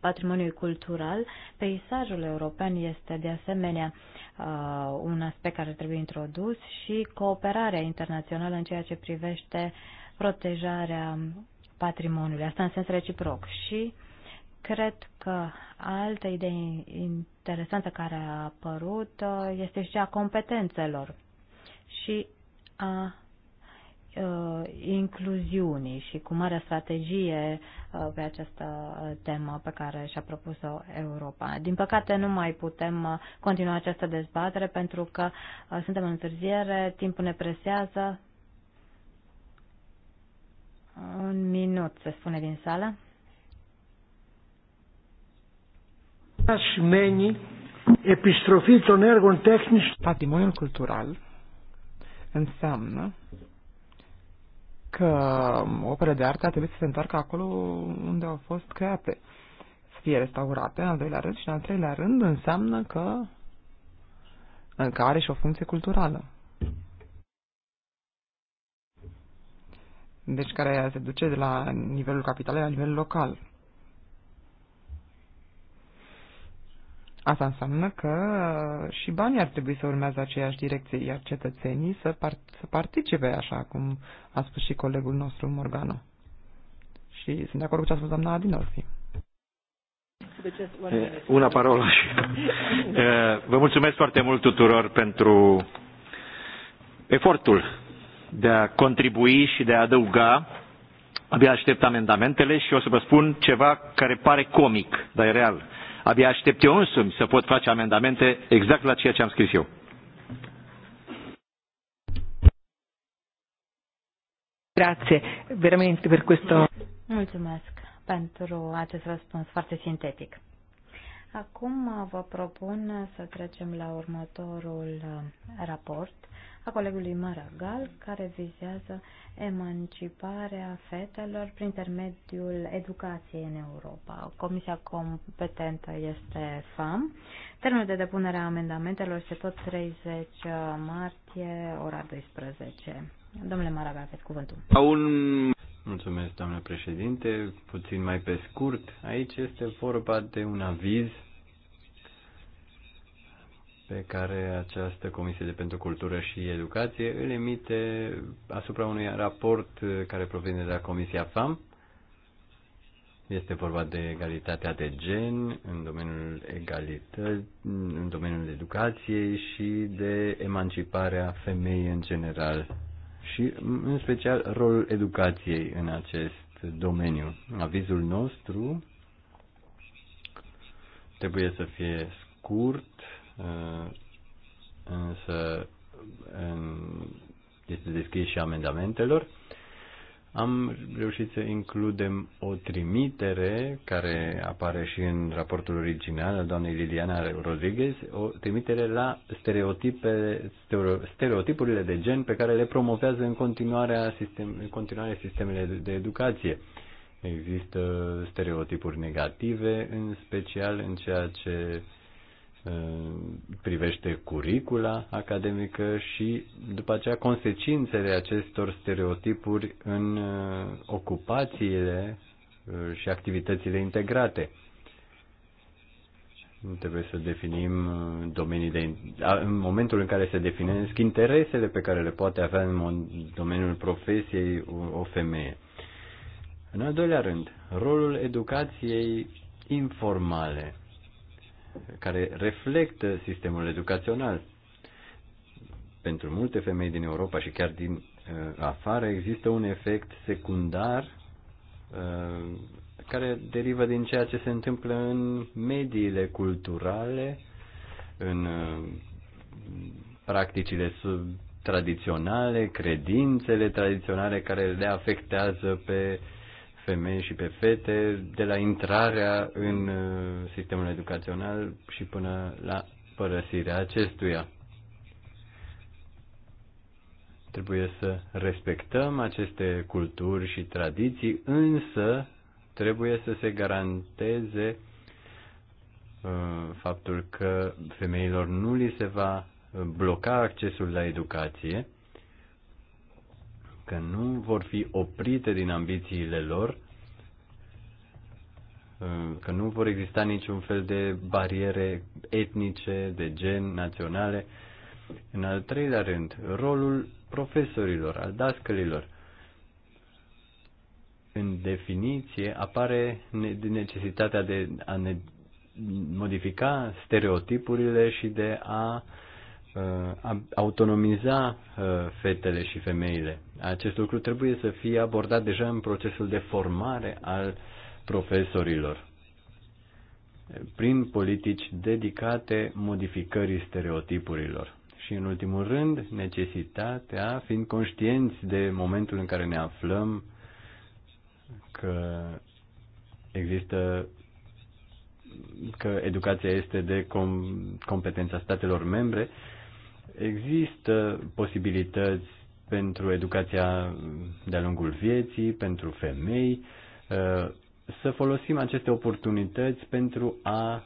patrimoniului cultural, peisajul european este de asemenea uh, un aspect care trebuie introdus și cooperarea internațională în ceea ce privește protejarea patrimoniului, asta în sens reciproc. Și cred că altă idee interesantă care a apărut uh, este și a competențelor și a uh, incluziunii și cu mare strategie uh, pe această temă pe care și-a propus-o Europa. Din păcate nu mai putem continua această dezbatere pentru că suntem în întârziere, timpul ne presează, un minut, se spune din sală. Σημαίνει επιστροφή un ergon tehnic, Patrimoniul cultural înseamnă că opere de artă trebuie să se întoarcă acolo unde au fost create, să fie restaurate, în al doilea rând, și în al treilea rând înseamnă că în care și o funcție culturală. deci care se duce de la nivelul capitalei la nivel local. Asta înseamnă că și banii ar trebui să urmează aceeași direcție, iar cetățenii să, par- să participe, așa cum a spus și colegul nostru Morgano. Și sunt de acord cu ce a spus doamna Adinolfi. Una parolă. <laughs> Vă mulțumesc foarte mult tuturor pentru efortul de a contribui și de a adăuga. Abia aștept amendamentele și o să vă spun ceva care pare comic, dar e real. Abia aștept eu însumi să pot face amendamente exact la ceea ce am scris eu. Grazie, veramente per questo. Mulțumesc pentru acest răspuns foarte sintetic. Acum uh, vă propun uh, să trecem la următorul uh, raport a colegului Maragal, care vizează emanciparea fetelor prin intermediul educației în Europa. Comisia competentă este FAM. Termenul de depunere a amendamentelor este tot 30 martie, ora 12. Domnule Maraga, aveți cuvântul. Un... Mulțumesc, doamnă președinte. Puțin mai pe scurt, aici este vorba de un aviz pe care această Comisie de pentru Cultură și Educație îl emite asupra unui raport care provine de la Comisia FAM. Este vorba de egalitatea de gen în domeniul egalității, în domeniul educației și de emanciparea femeii în general și în special rolul educației în acest domeniu. Avizul nostru trebuie să fie scurt, uh, însă este deschis și amendamentelor am reușit să includem o trimitere care apare și în raportul original al doamnei Liliana Rodriguez, o trimitere la stereotipe, stereotipurile de gen pe care le promovează în continuare, sistem, în continuare sistemele de educație. Există stereotipuri negative, în special în ceea ce privește curicula academică și după aceea consecințele acestor stereotipuri în uh, ocupațiile uh, și activitățile integrate. Trebuie să definim uh, domenii de, în momentul în care se definesc interesele pe care le poate avea în domeniul profesiei o femeie. În al doilea rând, rolul educației informale care reflectă sistemul educațional. Pentru multe femei din Europa și chiar din uh, afară există un efect secundar uh, care derivă din ceea ce se întâmplă în mediile culturale, în uh, practicile sub tradiționale, credințele tradiționale care le afectează pe uh, femei și pe fete de la intrarea în uh, sistemul educațional și până la părăsirea acestuia. Trebuie să respectăm aceste culturi și tradiții, însă trebuie să se garanteze uh, faptul că femeilor nu li se va bloca accesul la educație că nu vor fi oprite din ambițiile lor, că nu vor exista niciun fel de bariere etnice, de gen, naționale. În al treilea rând, rolul profesorilor, al dascălilor. În definiție apare necesitatea de a ne modifica stereotipurile și de a, uh, a autonomiza uh, fetele și femeile. Acest lucru trebuie să fie abordat deja în procesul de formare al profesorilor prin politici dedicate modificării stereotipurilor. Și în ultimul rând, necesitatea, fiind conștienți de momentul în care ne aflăm, că există că educația este de com, competența statelor membre, există posibilități pentru educația de-a lungul vieții, pentru femei, uh, să folosim aceste oportunități pentru a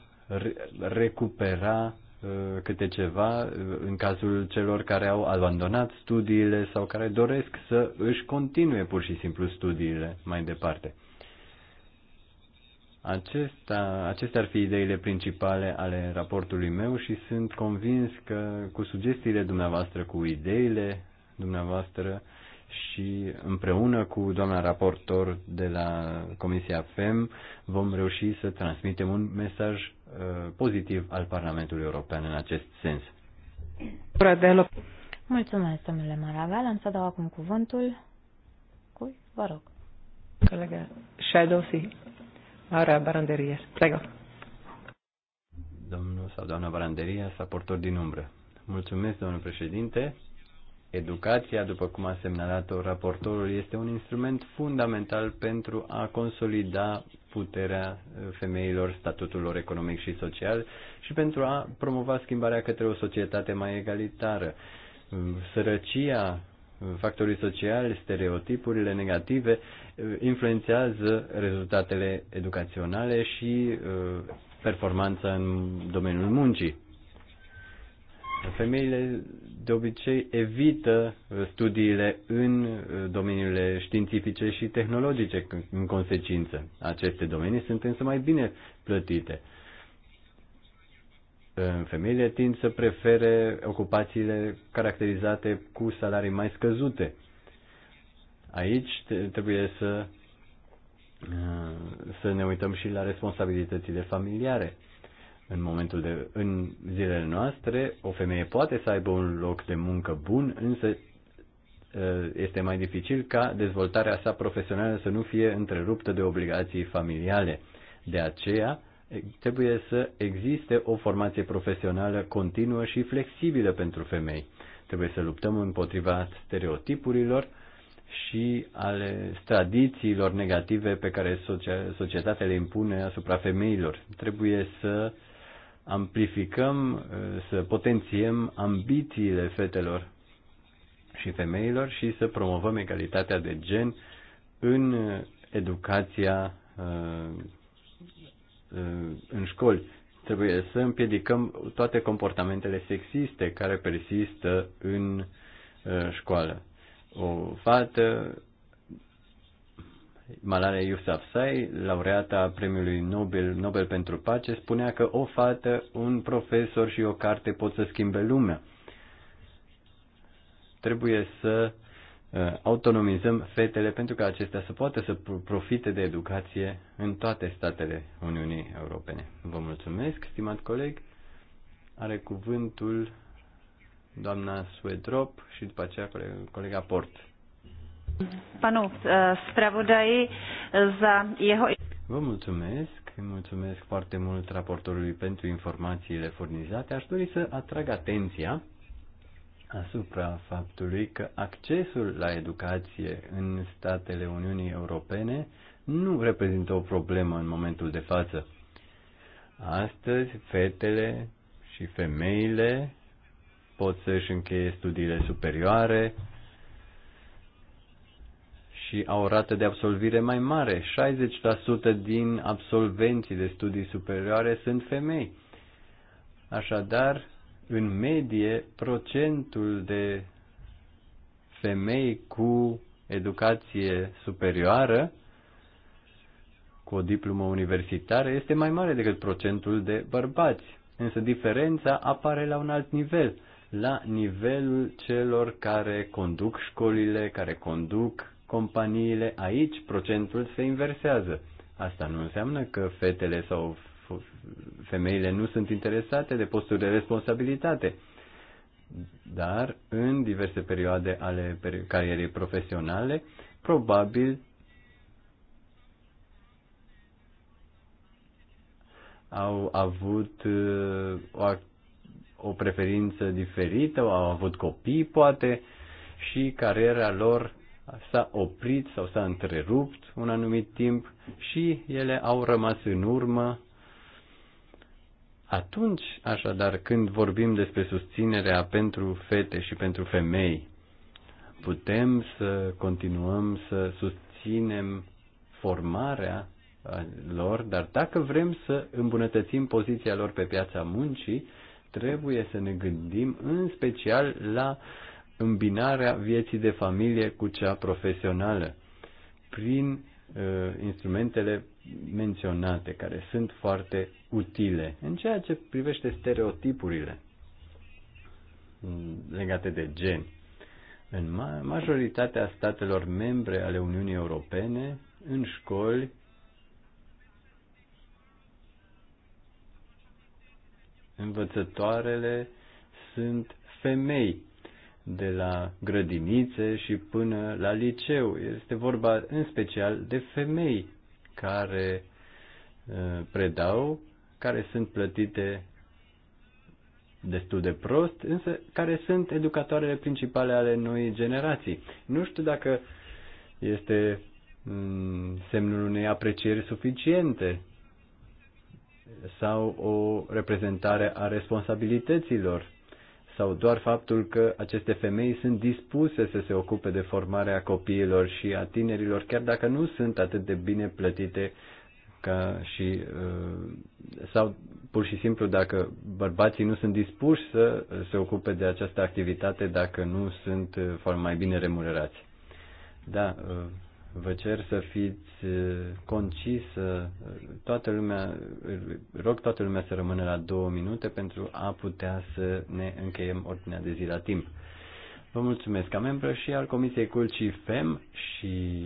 recupera uh, câte ceva uh, în cazul celor care au abandonat studiile sau care doresc să își continue pur și simplu studiile mai departe. Acesta, acestea ar fi ideile principale ale raportului meu și sunt convins că cu sugestiile dumneavoastră, cu ideile dumneavoastră și împreună cu doamna raportor de la Comisia FEM vom reuși să transmitem un mesaj uh, pozitiv al Parlamentului European în acest sens. Mulțumesc, domnule Maravel. Am să dau acum cuvântul. Cui? Vă rog. Colega Shadow C. Ara Baranderies. Prego. Domnul sau doamna Baranderia, raportor din umbră. Mulțumesc, domnule președinte. Educația, după cum a semnalat-o raportorul, este un instrument fundamental pentru a consolida puterea eh, femeilor, statutul lor economic și social și pentru a promova schimbarea către o societate mai egalitară. Mm, sărăcia, mm, factorii sociali, stereotipurile negative eh, influențează rezultatele educaționale și eh, performanța în domeniul muncii Femeile de obicei evită studiile în domeniile științifice și tehnologice în consecință. Aceste domenii sunt însă mai bine plătite. Femeile tind să prefere ocupațiile caracterizate cu salarii mai scăzute. Aici trebuie să, să ne uităm și la responsabilitățile familiare în momentul de, în zilele noastre, o femeie poate să aibă un loc de muncă bun, însă uh, este mai dificil ca dezvoltarea sa profesională să nu fie întreruptă de obligații familiale. De aceea, trebuie să existe o formație profesională continuă și flexibilă pentru femei. Trebuie să luptăm împotriva stereotipurilor și ale tradițiilor negative pe care societatea le impune asupra femeilor. Trebuie să uh, amplificăm, uh, să potențiem ambițiile fetelor și femeilor și să promovăm egalitatea de gen în uh, educația uh, în școli. Trebuie să împiedicăm toate comportamentele sexiste care persistă în școală. O fată Malala Yousafzai, laureata premiului Nobel, Nobel pentru pace, spunea că o fată, un profesor și o carte pot să schimbe lumea. Trebuie să uh, autonomizăm fetele pentru ca acestea să poată să profite de educație în toate statele Uniunii Europene. Vă mulțumesc, stimat coleg. Are cuvântul doamna Suedrop și după aceea colega Port. Panu Spravodai eh, eh, za jeho... Vă mulțumesc, mulțumesc foarte mult raportorului pentru informațiile furnizate. Aș dori să atrag atenția asupra faptului că accesul la educație în statele Uniunii Europene nu reprezintă o problemă în momentul de față. Astăzi, fetele și femeile pot să-și încheie studiile superioare, și au o rată de absolvire mai mare. 60% din absolvenții de studii superioare sunt femei. Așadar, în medie, procentul de femei cu educație superioară, cu o diplomă universitară, este mai mare decât procentul de bărbați. Însă diferența apare la un alt nivel, la nivelul celor care conduc școlile, care conduc companiile, aici procentul se inversează. Asta nu înseamnă că fetele sau femeile nu sunt interesate de posturi de responsabilitate, dar în diverse perioade ale carierei profesionale, probabil au avut uh, o, o preferință diferită, au avut copii poate și cariera lor s-a oprit sau s-a întrerupt un anumit timp și ele au rămas în urmă. Atunci, așadar, când vorbim despre susținerea pentru fete și pentru femei, putem să continuăm să susținem formarea uh, lor, dar dacă vrem să îmbunătățim poziția lor pe piața muncii, trebuie să ne gândim în special la uh, îmbinarea vieții de familie cu cea profesională prin uh, instrumentele menționate, care sunt foarte utile în ceea ce privește stereotipurile legate de gen. În majoritatea statelor membre ale Uniunii Europene, în școli, învățătoarele sunt femei de la grădinițe și până la liceu. Este vorba în special de femei care uh, predau, care sunt plătite destul de prost, însă care sunt educatoarele principale ale noii generații. Nu știu dacă este mm, semnul unei aprecieri suficiente sau o reprezentare a responsabilităților sau doar faptul că aceste femei sunt dispuse să se ocupe de formarea copiilor și a tinerilor, chiar dacă nu sunt atât de bine plătite ca și uh, sau pur și simplu dacă bărbații nu sunt dispuși să se ocupe de această activitate dacă nu sunt uh, foarte mai bine remunerați. Da, uh, Vă cer să fiți uh, concisă. Toată lumea, rog toată lumea să rămână la două minute pentru a putea să ne încheiem ordinea de zi la timp. Vă mulțumesc ca membră și al Comisiei Culcii FEM și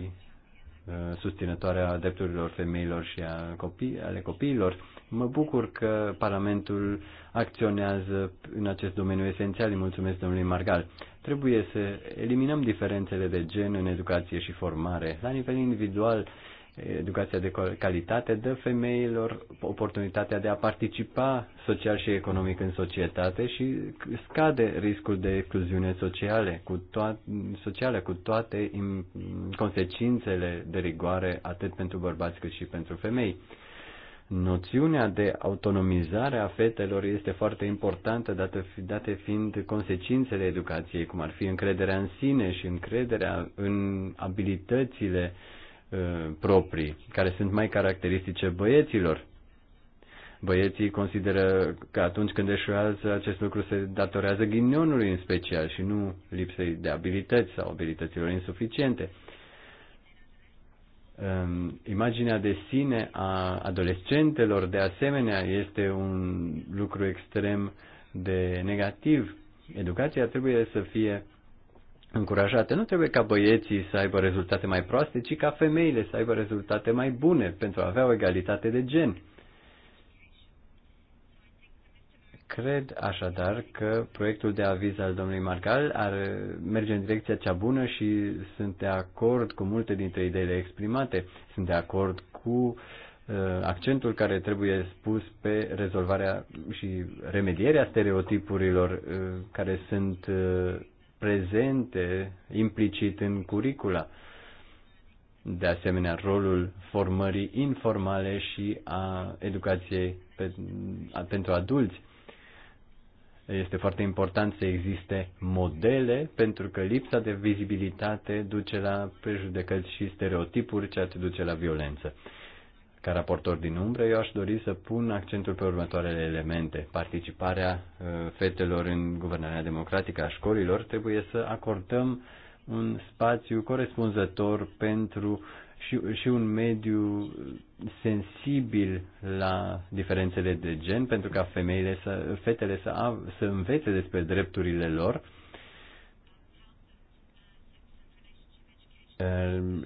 Uh, susținătoare a drepturilor femeilor și a copii, ale copiilor. Mă bucur că Parlamentul acționează în acest domeniu esențial. Îi mulțumesc domnului Margal. Trebuie să eliminăm diferențele de gen în educație și formare. La nivel individual, Educația de calitate dă femeilor oportunitatea de a participa social și economic în societate și scade riscul de excluziune sociale, cu toa- sociale cu toate consecințele de rigoare atât pentru bărbați cât și pentru femei. Noțiunea de autonomizare a fetelor este foarte importantă, date, date fiind consecințele educației, cum ar fi încrederea în sine și încrederea în abilitățile uh, Uh, proprii, care sunt mai caracteristice băieților. Băieții consideră că atunci când eșuează, acest lucru se datorează ghinionului în special și nu lipsei de abilități sau abilităților insuficiente. Um, imaginea de sine a adolescentelor, de asemenea, este un lucru extrem de negativ. Educația trebuie să fie încurajate. Nu trebuie ca băieții să aibă rezultate mai proaste, ci ca femeile să aibă rezultate mai bune pentru a avea o egalitate de gen. Cred așadar că proiectul de aviz al domnului Margal ar merge în direcția cea bună și sunt de acord cu multe dintre ideile exprimate. Sunt de acord cu uh, accentul care trebuie spus pe rezolvarea și remedierea stereotipurilor uh, care sunt uh, prezente implicit în curicula. De asemenea, rolul formării informale și a educației pe, a, pentru adulți. Este foarte important să existe modele, pentru că lipsa de vizibilitate duce la prejudecăți și stereotipuri, ceea ce duce la violență. Ca raportor din umbră, eu aș dori să pun accentul pe următoarele elemente. Participarea uh, fetelor în guvernarea democratică a școlilor trebuie să acordăm un spațiu corespunzător pentru și, și un mediu sensibil la diferențele de gen pentru ca femeile să, fetele să, av, să învețe despre drepturile lor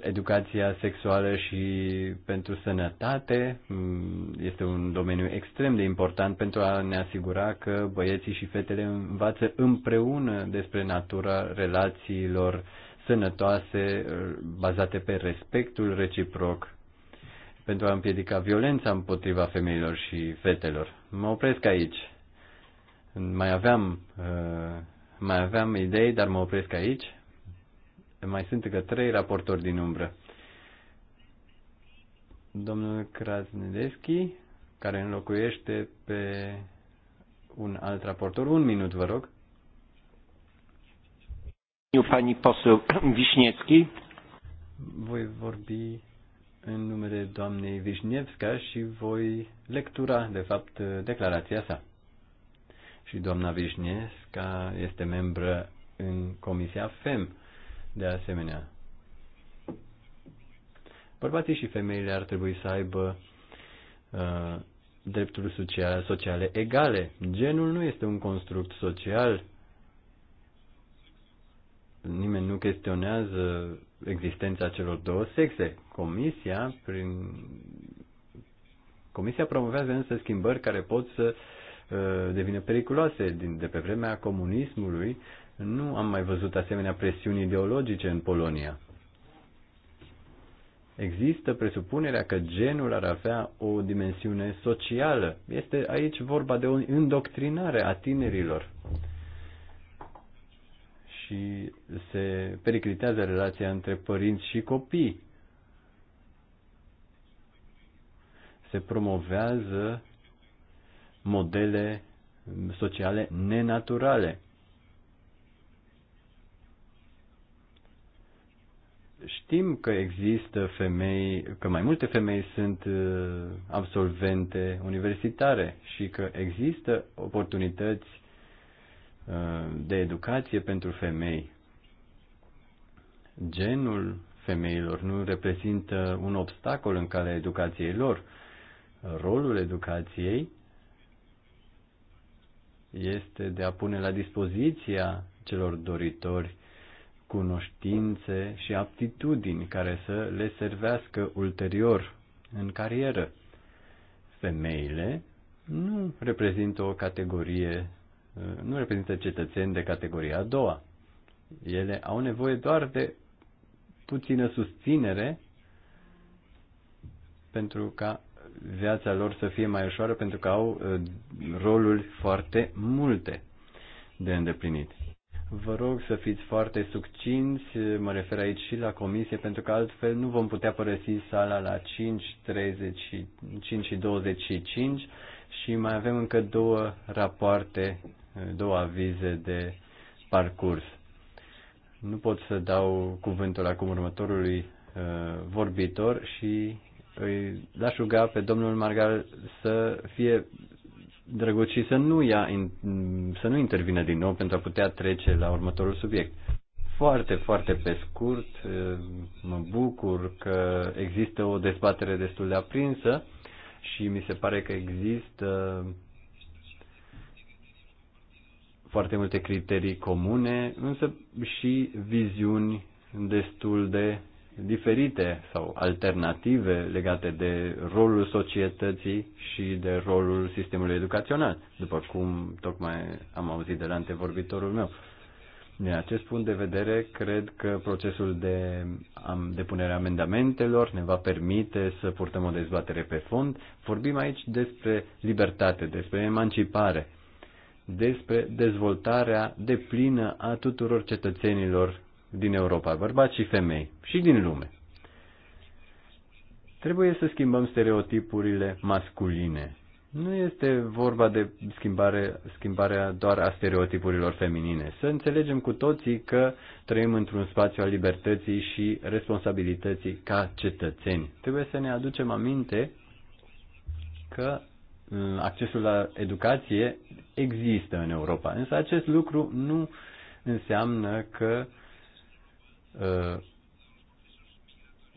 educația sexuală și pentru sănătate mm, este un domeniu extrem de important pentru a ne asigura că băieții și fetele învață împreună despre natura relațiilor sănătoase eh, bazate pe respectul reciproc pentru a împiedica violența împotriva femeilor și fetelor. Mă opresc aici. Mai aveam, eh, mai aveam idei, dar mă opresc aici mai sunt încă trei raportori din umbră. Domnul Krasnedeschi, care înlocuiește pe un alt raportor. Un minut, vă rog. Pani poseł Wiśniewski. Voi vorbi în numele doamnei Wiśniewska și voi lectura, de fapt, declarația sa. Și doamna Wiśniewska este membră în Comisia FEM de asemenea. Bărbații și femeile ar trebui să aibă uh, drepturi sociale, sociale egale. Genul nu este un construct social. Nimeni nu chestionează existența celor două sexe. Comisia, prin... Comisia promovează însă schimbări care pot să uh, devină periculoase din, de pe vremea comunismului nu am mai văzut asemenea presiuni ideologice în Polonia. Există presupunerea că genul ar avea o dimensiune socială. Este aici vorba de o îndoctrinare a tinerilor. Și se periclitează relația între părinți și copii. Se promovează modele sociale nenaturale. Știm că există femei, că mai multe femei sunt uh, absolvente universitare și că există oportunități uh, de educație pentru femei. Genul femeilor nu reprezintă un obstacol în calea educației lor. Rolul educației este de a pune la dispoziția celor doritori cunoștințe și aptitudini care să le servească ulterior în carieră. Femeile nu reprezintă o categorie, nu reprezintă cetățeni de categoria a doua. Ele au nevoie doar de puțină susținere pentru ca viața lor să fie mai ușoară, pentru că au uh, roluri foarte multe de îndeplinit. Vă rog să fiți foarte succinți, mă refer aici și la comisie, pentru că altfel nu vom putea părăsi sala la 5.25 și mai avem încă două rapoarte, două avize de parcurs. Nu pot să dau cuvântul acum următorului uh, vorbitor și îi aș ruga pe domnul Margal să fie și să nu, ia, să nu intervină din nou pentru a putea trece la următorul subiect. Foarte, foarte pe scurt, eh, mă bucur că există o dezbatere destul de aprinsă și mi se pare că există foarte multe criterii comune, însă și viziuni destul de diferite sau alternative legate de rolul societății și de rolul sistemului educațional, după cum tocmai am auzit de la antevorbitorul meu. Din acest punct de vedere, cred că procesul de depunere a amendamentelor ne va permite să purtăm o dezbatere pe fond. Vorbim aici despre libertate, despre emancipare, despre dezvoltarea deplină a tuturor cetățenilor din Europa, bărbați și femei, și din lume. Trebuie să schimbăm stereotipurile masculine. Nu este vorba de schimbare, schimbarea doar a stereotipurilor feminine. Să înțelegem cu toții că trăim într-un spațiu al libertății și responsabilității ca cetățeni. Trebuie să ne aducem aminte că mm, accesul la educație există în Europa. Însă acest lucru nu înseamnă că uh, Uh,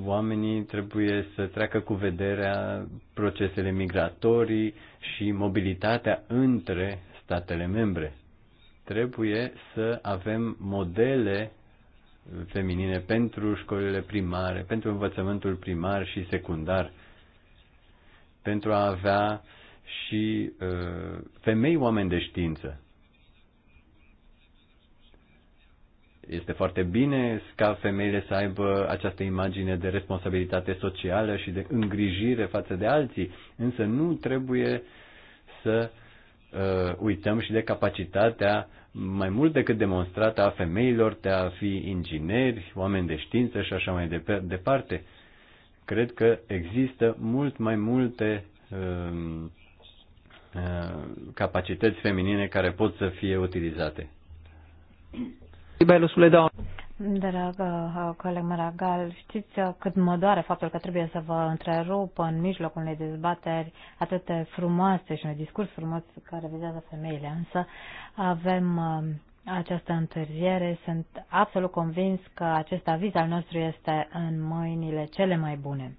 oamenii trebuie să treacă cu vederea procesele migratorii și mobilitatea între statele membre. Trebuie să avem modele feminine pentru școlile primare, pentru învățământul primar și secundar, pentru a avea și uh, femei oameni de știință. este foarte bine ca femeile să aibă această imagine de responsabilitate socială și de îngrijire față de alții, însă nu trebuie să uh, uităm și de capacitatea mai mult decât demonstrată a femeilor de a fi ingineri, oameni de știință și așa mai de, departe. Cred că există mult mai multe uh, uh, capacități feminine care pot să fie utilizate. Dragă uh, coleg Maragal, știți uh, cât mă doare faptul că trebuie să vă întrerup în mijlocul unei dezbateri atât de frumoase și unui discurs frumos care vizează femeile, însă avem uh, această întârziere. Sunt absolut convins că acest aviz al nostru este în mâinile cele mai bune.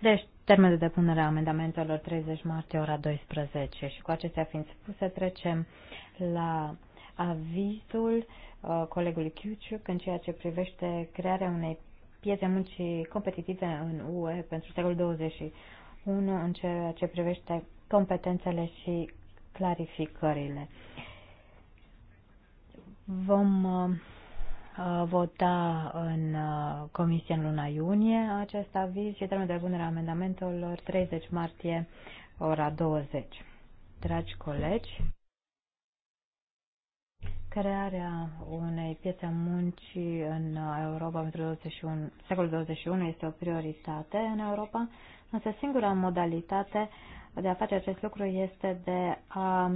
Deci, termen de depunere a amendamentelor 30 martie ora 12 și cu acestea fiind spuse trecem la avizul uh, colegului Chiuciuc în ceea ce privește crearea unei piețe muncii competitive în UE pentru secolul 21 în ceea ce privește competențele și clarificările. Vom uh, uh, vota în comisie în luna iunie acest aviz și termenul de depunere a amendamentelor 30 martie ora 20. Dragi colegi, Crearea unei piețe a muncii în Europa pentru 21, secolul 21 este o prioritate în Europa, însă singura modalitate de a face acest lucru este de a,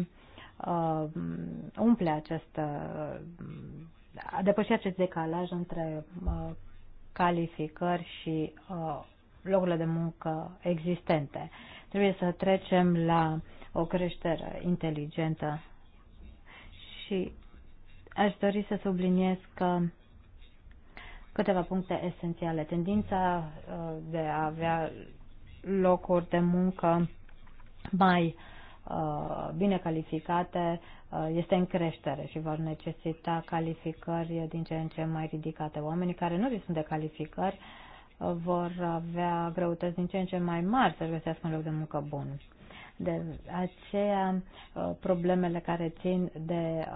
a uh, umple acest, uh, a depăși acest decalaj între a, uh, calificări și a, locurile de muncă existente. Trebuie să trecem la o creștere inteligentă și Aș dori să subliniez că câteva puncte esențiale. Tendința uh, de a avea locuri de muncă mai uh, bine calificate uh, este în creștere și vor necesita calificări din ce în ce mai ridicate. Oamenii care nu sunt de calificări vor avea greutăți din ce în ce mai mari să găsească un loc de muncă bun. De aceea, problemele care țin de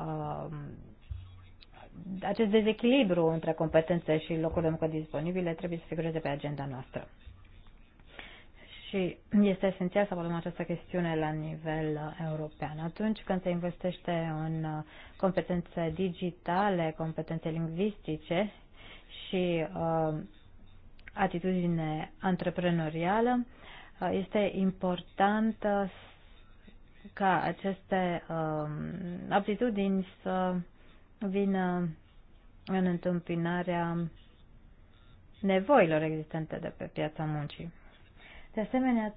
acest dezechilibru între competențe și locuri de muncă disponibile trebuie să figureze pe agenda noastră. Și este esențial să abordăm această chestiune la nivel uh, european. Atunci când se investește în uh, competențe digitale, competențe lingvistice și uh, atitudine antreprenorială, uh, este important uh, ca aceste uh, aptitudini să uh, vin uh, în întâmpinarea nevoilor existente de pe piața muncii. De asemenea,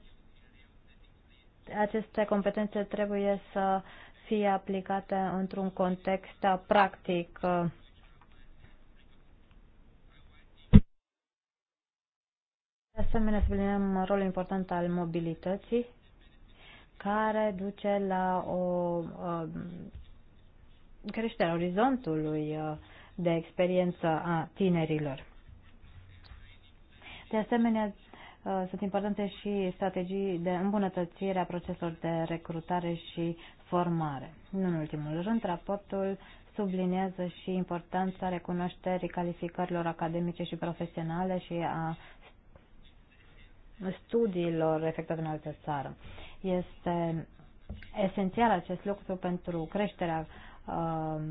aceste competențe trebuie să fie aplicate într-un context practic uh, De asemenea, subliniem rolul important al mobilității, care duce la o uh, creșterea orizontului uh, de experiență a tinerilor. De asemenea, uh, sunt importante și strategii de îmbunătățire a proceselor de recrutare și formare. Nu în ultimul rând, raportul sublinează și importanța recunoașterii calificărilor academice și profesionale și a studiilor efectuate în altă țară. Este esențial acest lucru pentru creșterea uh, Um,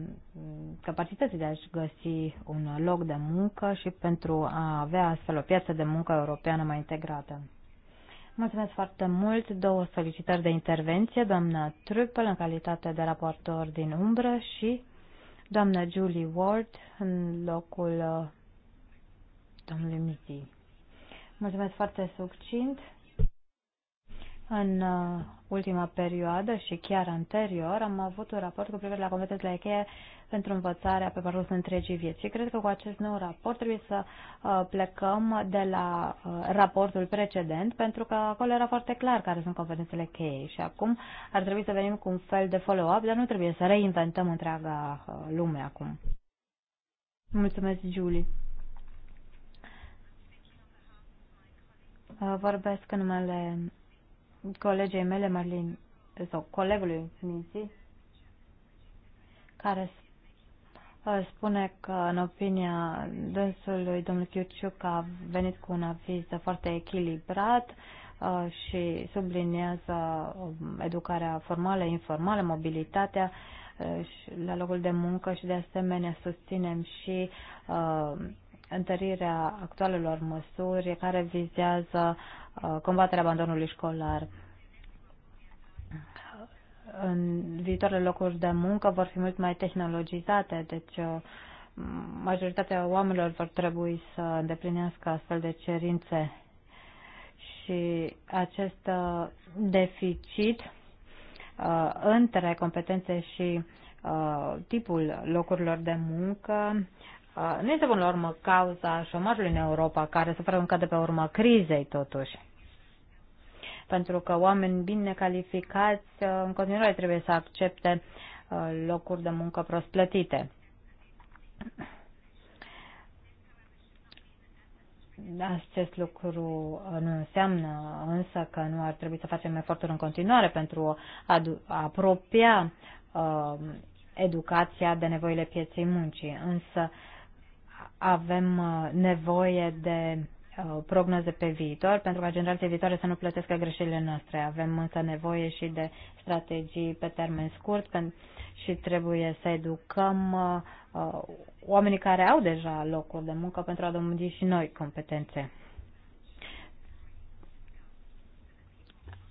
capacității de a-și găsi un loc de muncă și pentru a avea astfel o piață de muncă europeană mai integrată. Mulțumesc foarte mult. Două solicitări de intervenție, doamna Trupel în calitate de raportor din umbră și doamna Julie Ward în locul uh, domnului Miții. Mulțumesc foarte succint. În uh, ultima perioadă și chiar anterior am avut un raport cu privire la competențele cheie pentru învățarea pe parcursul întregii vieți. Și cred că cu acest nou raport trebuie să uh, plecăm de la uh, raportul precedent, pentru că acolo era foarte clar care sunt competențele cheie. Și acum ar trebui să venim cu un fel de follow-up, dar nu trebuie să reinventăm întreaga lume acum. Mulțumesc, Julie. Vorbesc în numele colegei mele, Marlin, sau colegului Minții, care uh, spune că, în opinia dânsului, domnul Chiuciuc a venit cu un aviz foarte echilibrat uh, și subliniază um, educarea formală, informală, mobilitatea uh, la locul de muncă și, de asemenea, susținem și întărirea actualelor măsuri care vizează Uh, combaterea abandonului școlar. În viitoarele locuri de muncă vor fi mult mai tehnologizate, deci uh, majoritatea oamenilor vor trebui să îndeplinească astfel de cerințe și acest uh, deficit între competențe și tipul locurilor de muncă nu este până la urmă cauza șomajului în Europa, care suferă încă de pe urma crizei totuși pentru că oameni bine calificați uh, în continuare trebuie să accepte uh, locuri de muncă prost plătite. Acest lucru nu înseamnă însă că nu ar trebui să facem eforturi în continuare pentru a apropia uh, educația de nevoile pieței muncii, însă avem uh, nevoie de Uh, prognoze pe viitor, pentru ca generații viitoare să nu plătească greșelile noastre. Avem însă nevoie și de strategii pe termen scurt și trebuie să educăm uh, oamenii care au deja locuri de muncă pentru a domândi și noi competențe.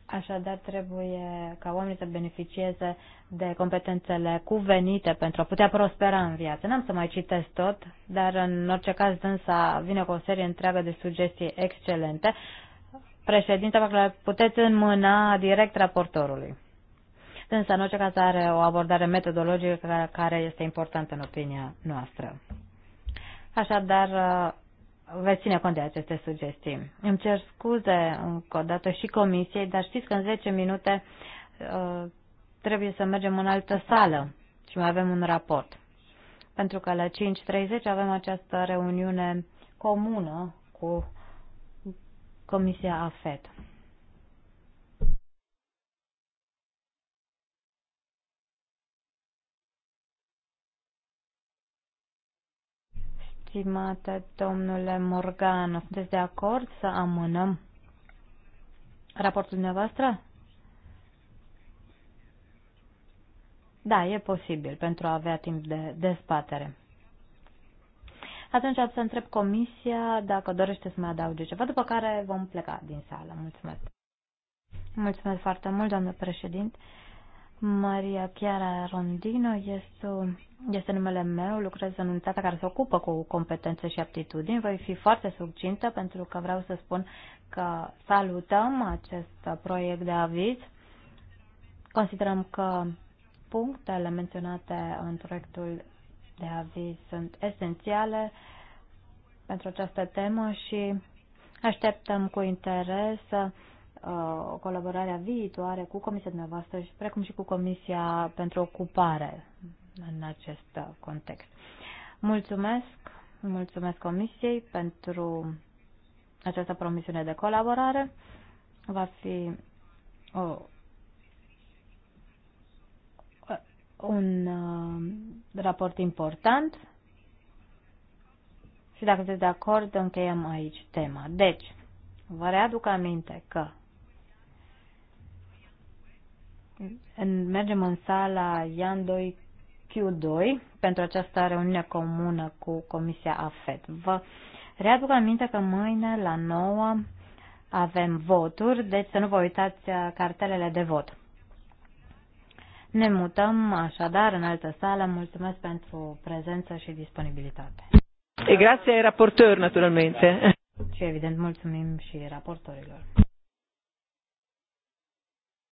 Așadar, trebuie ca oamenii să beneficieze de competențele cuvenite pentru a putea prospera în viață. N-am să mai citesc tot, dar în orice caz dânsa vine cu o serie întreagă de sugestii excelente. Președinte, vă care le puteți înmâna direct raportorului. Însă, în orice caz, are o abordare metodologică care este importantă în opinia noastră. Așadar, veți ține cont de aceste sugestii. Îmi cer scuze încă o dată și comisiei, dar știți că în 10 minute uh, trebuie să mergem în altă sală și mai avem un raport. Pentru că la 5.30 avem această reuniune comună cu Comisia AFET. Stimate domnule Morgano, sunteți de acord să amânăm raportul dumneavoastră? Da, e posibil pentru a avea timp de dezbatere. Atunci am să întreb comisia dacă dorește să mai adauge ceva, după care vom pleca din sală. Mulțumesc. Mulțumesc foarte mult, doamnă președinte. Maria Chiara Rondino este, este numele meu, lucrez în unitatea care se ocupă cu competențe și aptitudini. Voi fi foarte succintă pentru că vreau să spun că salutăm acest proiect de aviz. Considerăm că punctele menționate în proiectul de aviz sunt esențiale pentru această temă și așteptăm cu interes să uh, colaborarea viitoare cu comisia dumneavoastră și precum și cu comisia pentru ocupare în acest context. Mulțumesc, mulțumesc comisiei pentru această promisiune de colaborare. Va fi o, un uh, raport important și dacă sunteți de acord, încheiem aici tema. Deci, vă readuc aminte că mergem în sala Ian 2 Q2 pentru această reuniune comună cu Comisia AFET. Vă readuc aminte că mâine la 9 avem voturi, deci să nu vă uitați uh, cartelele de vot. Ne mutăm așadar în altă sală. Mulțumesc pentru prezență și disponibilitate. E grație raportor, naturalmente. Și evident mulțumim și raportorilor.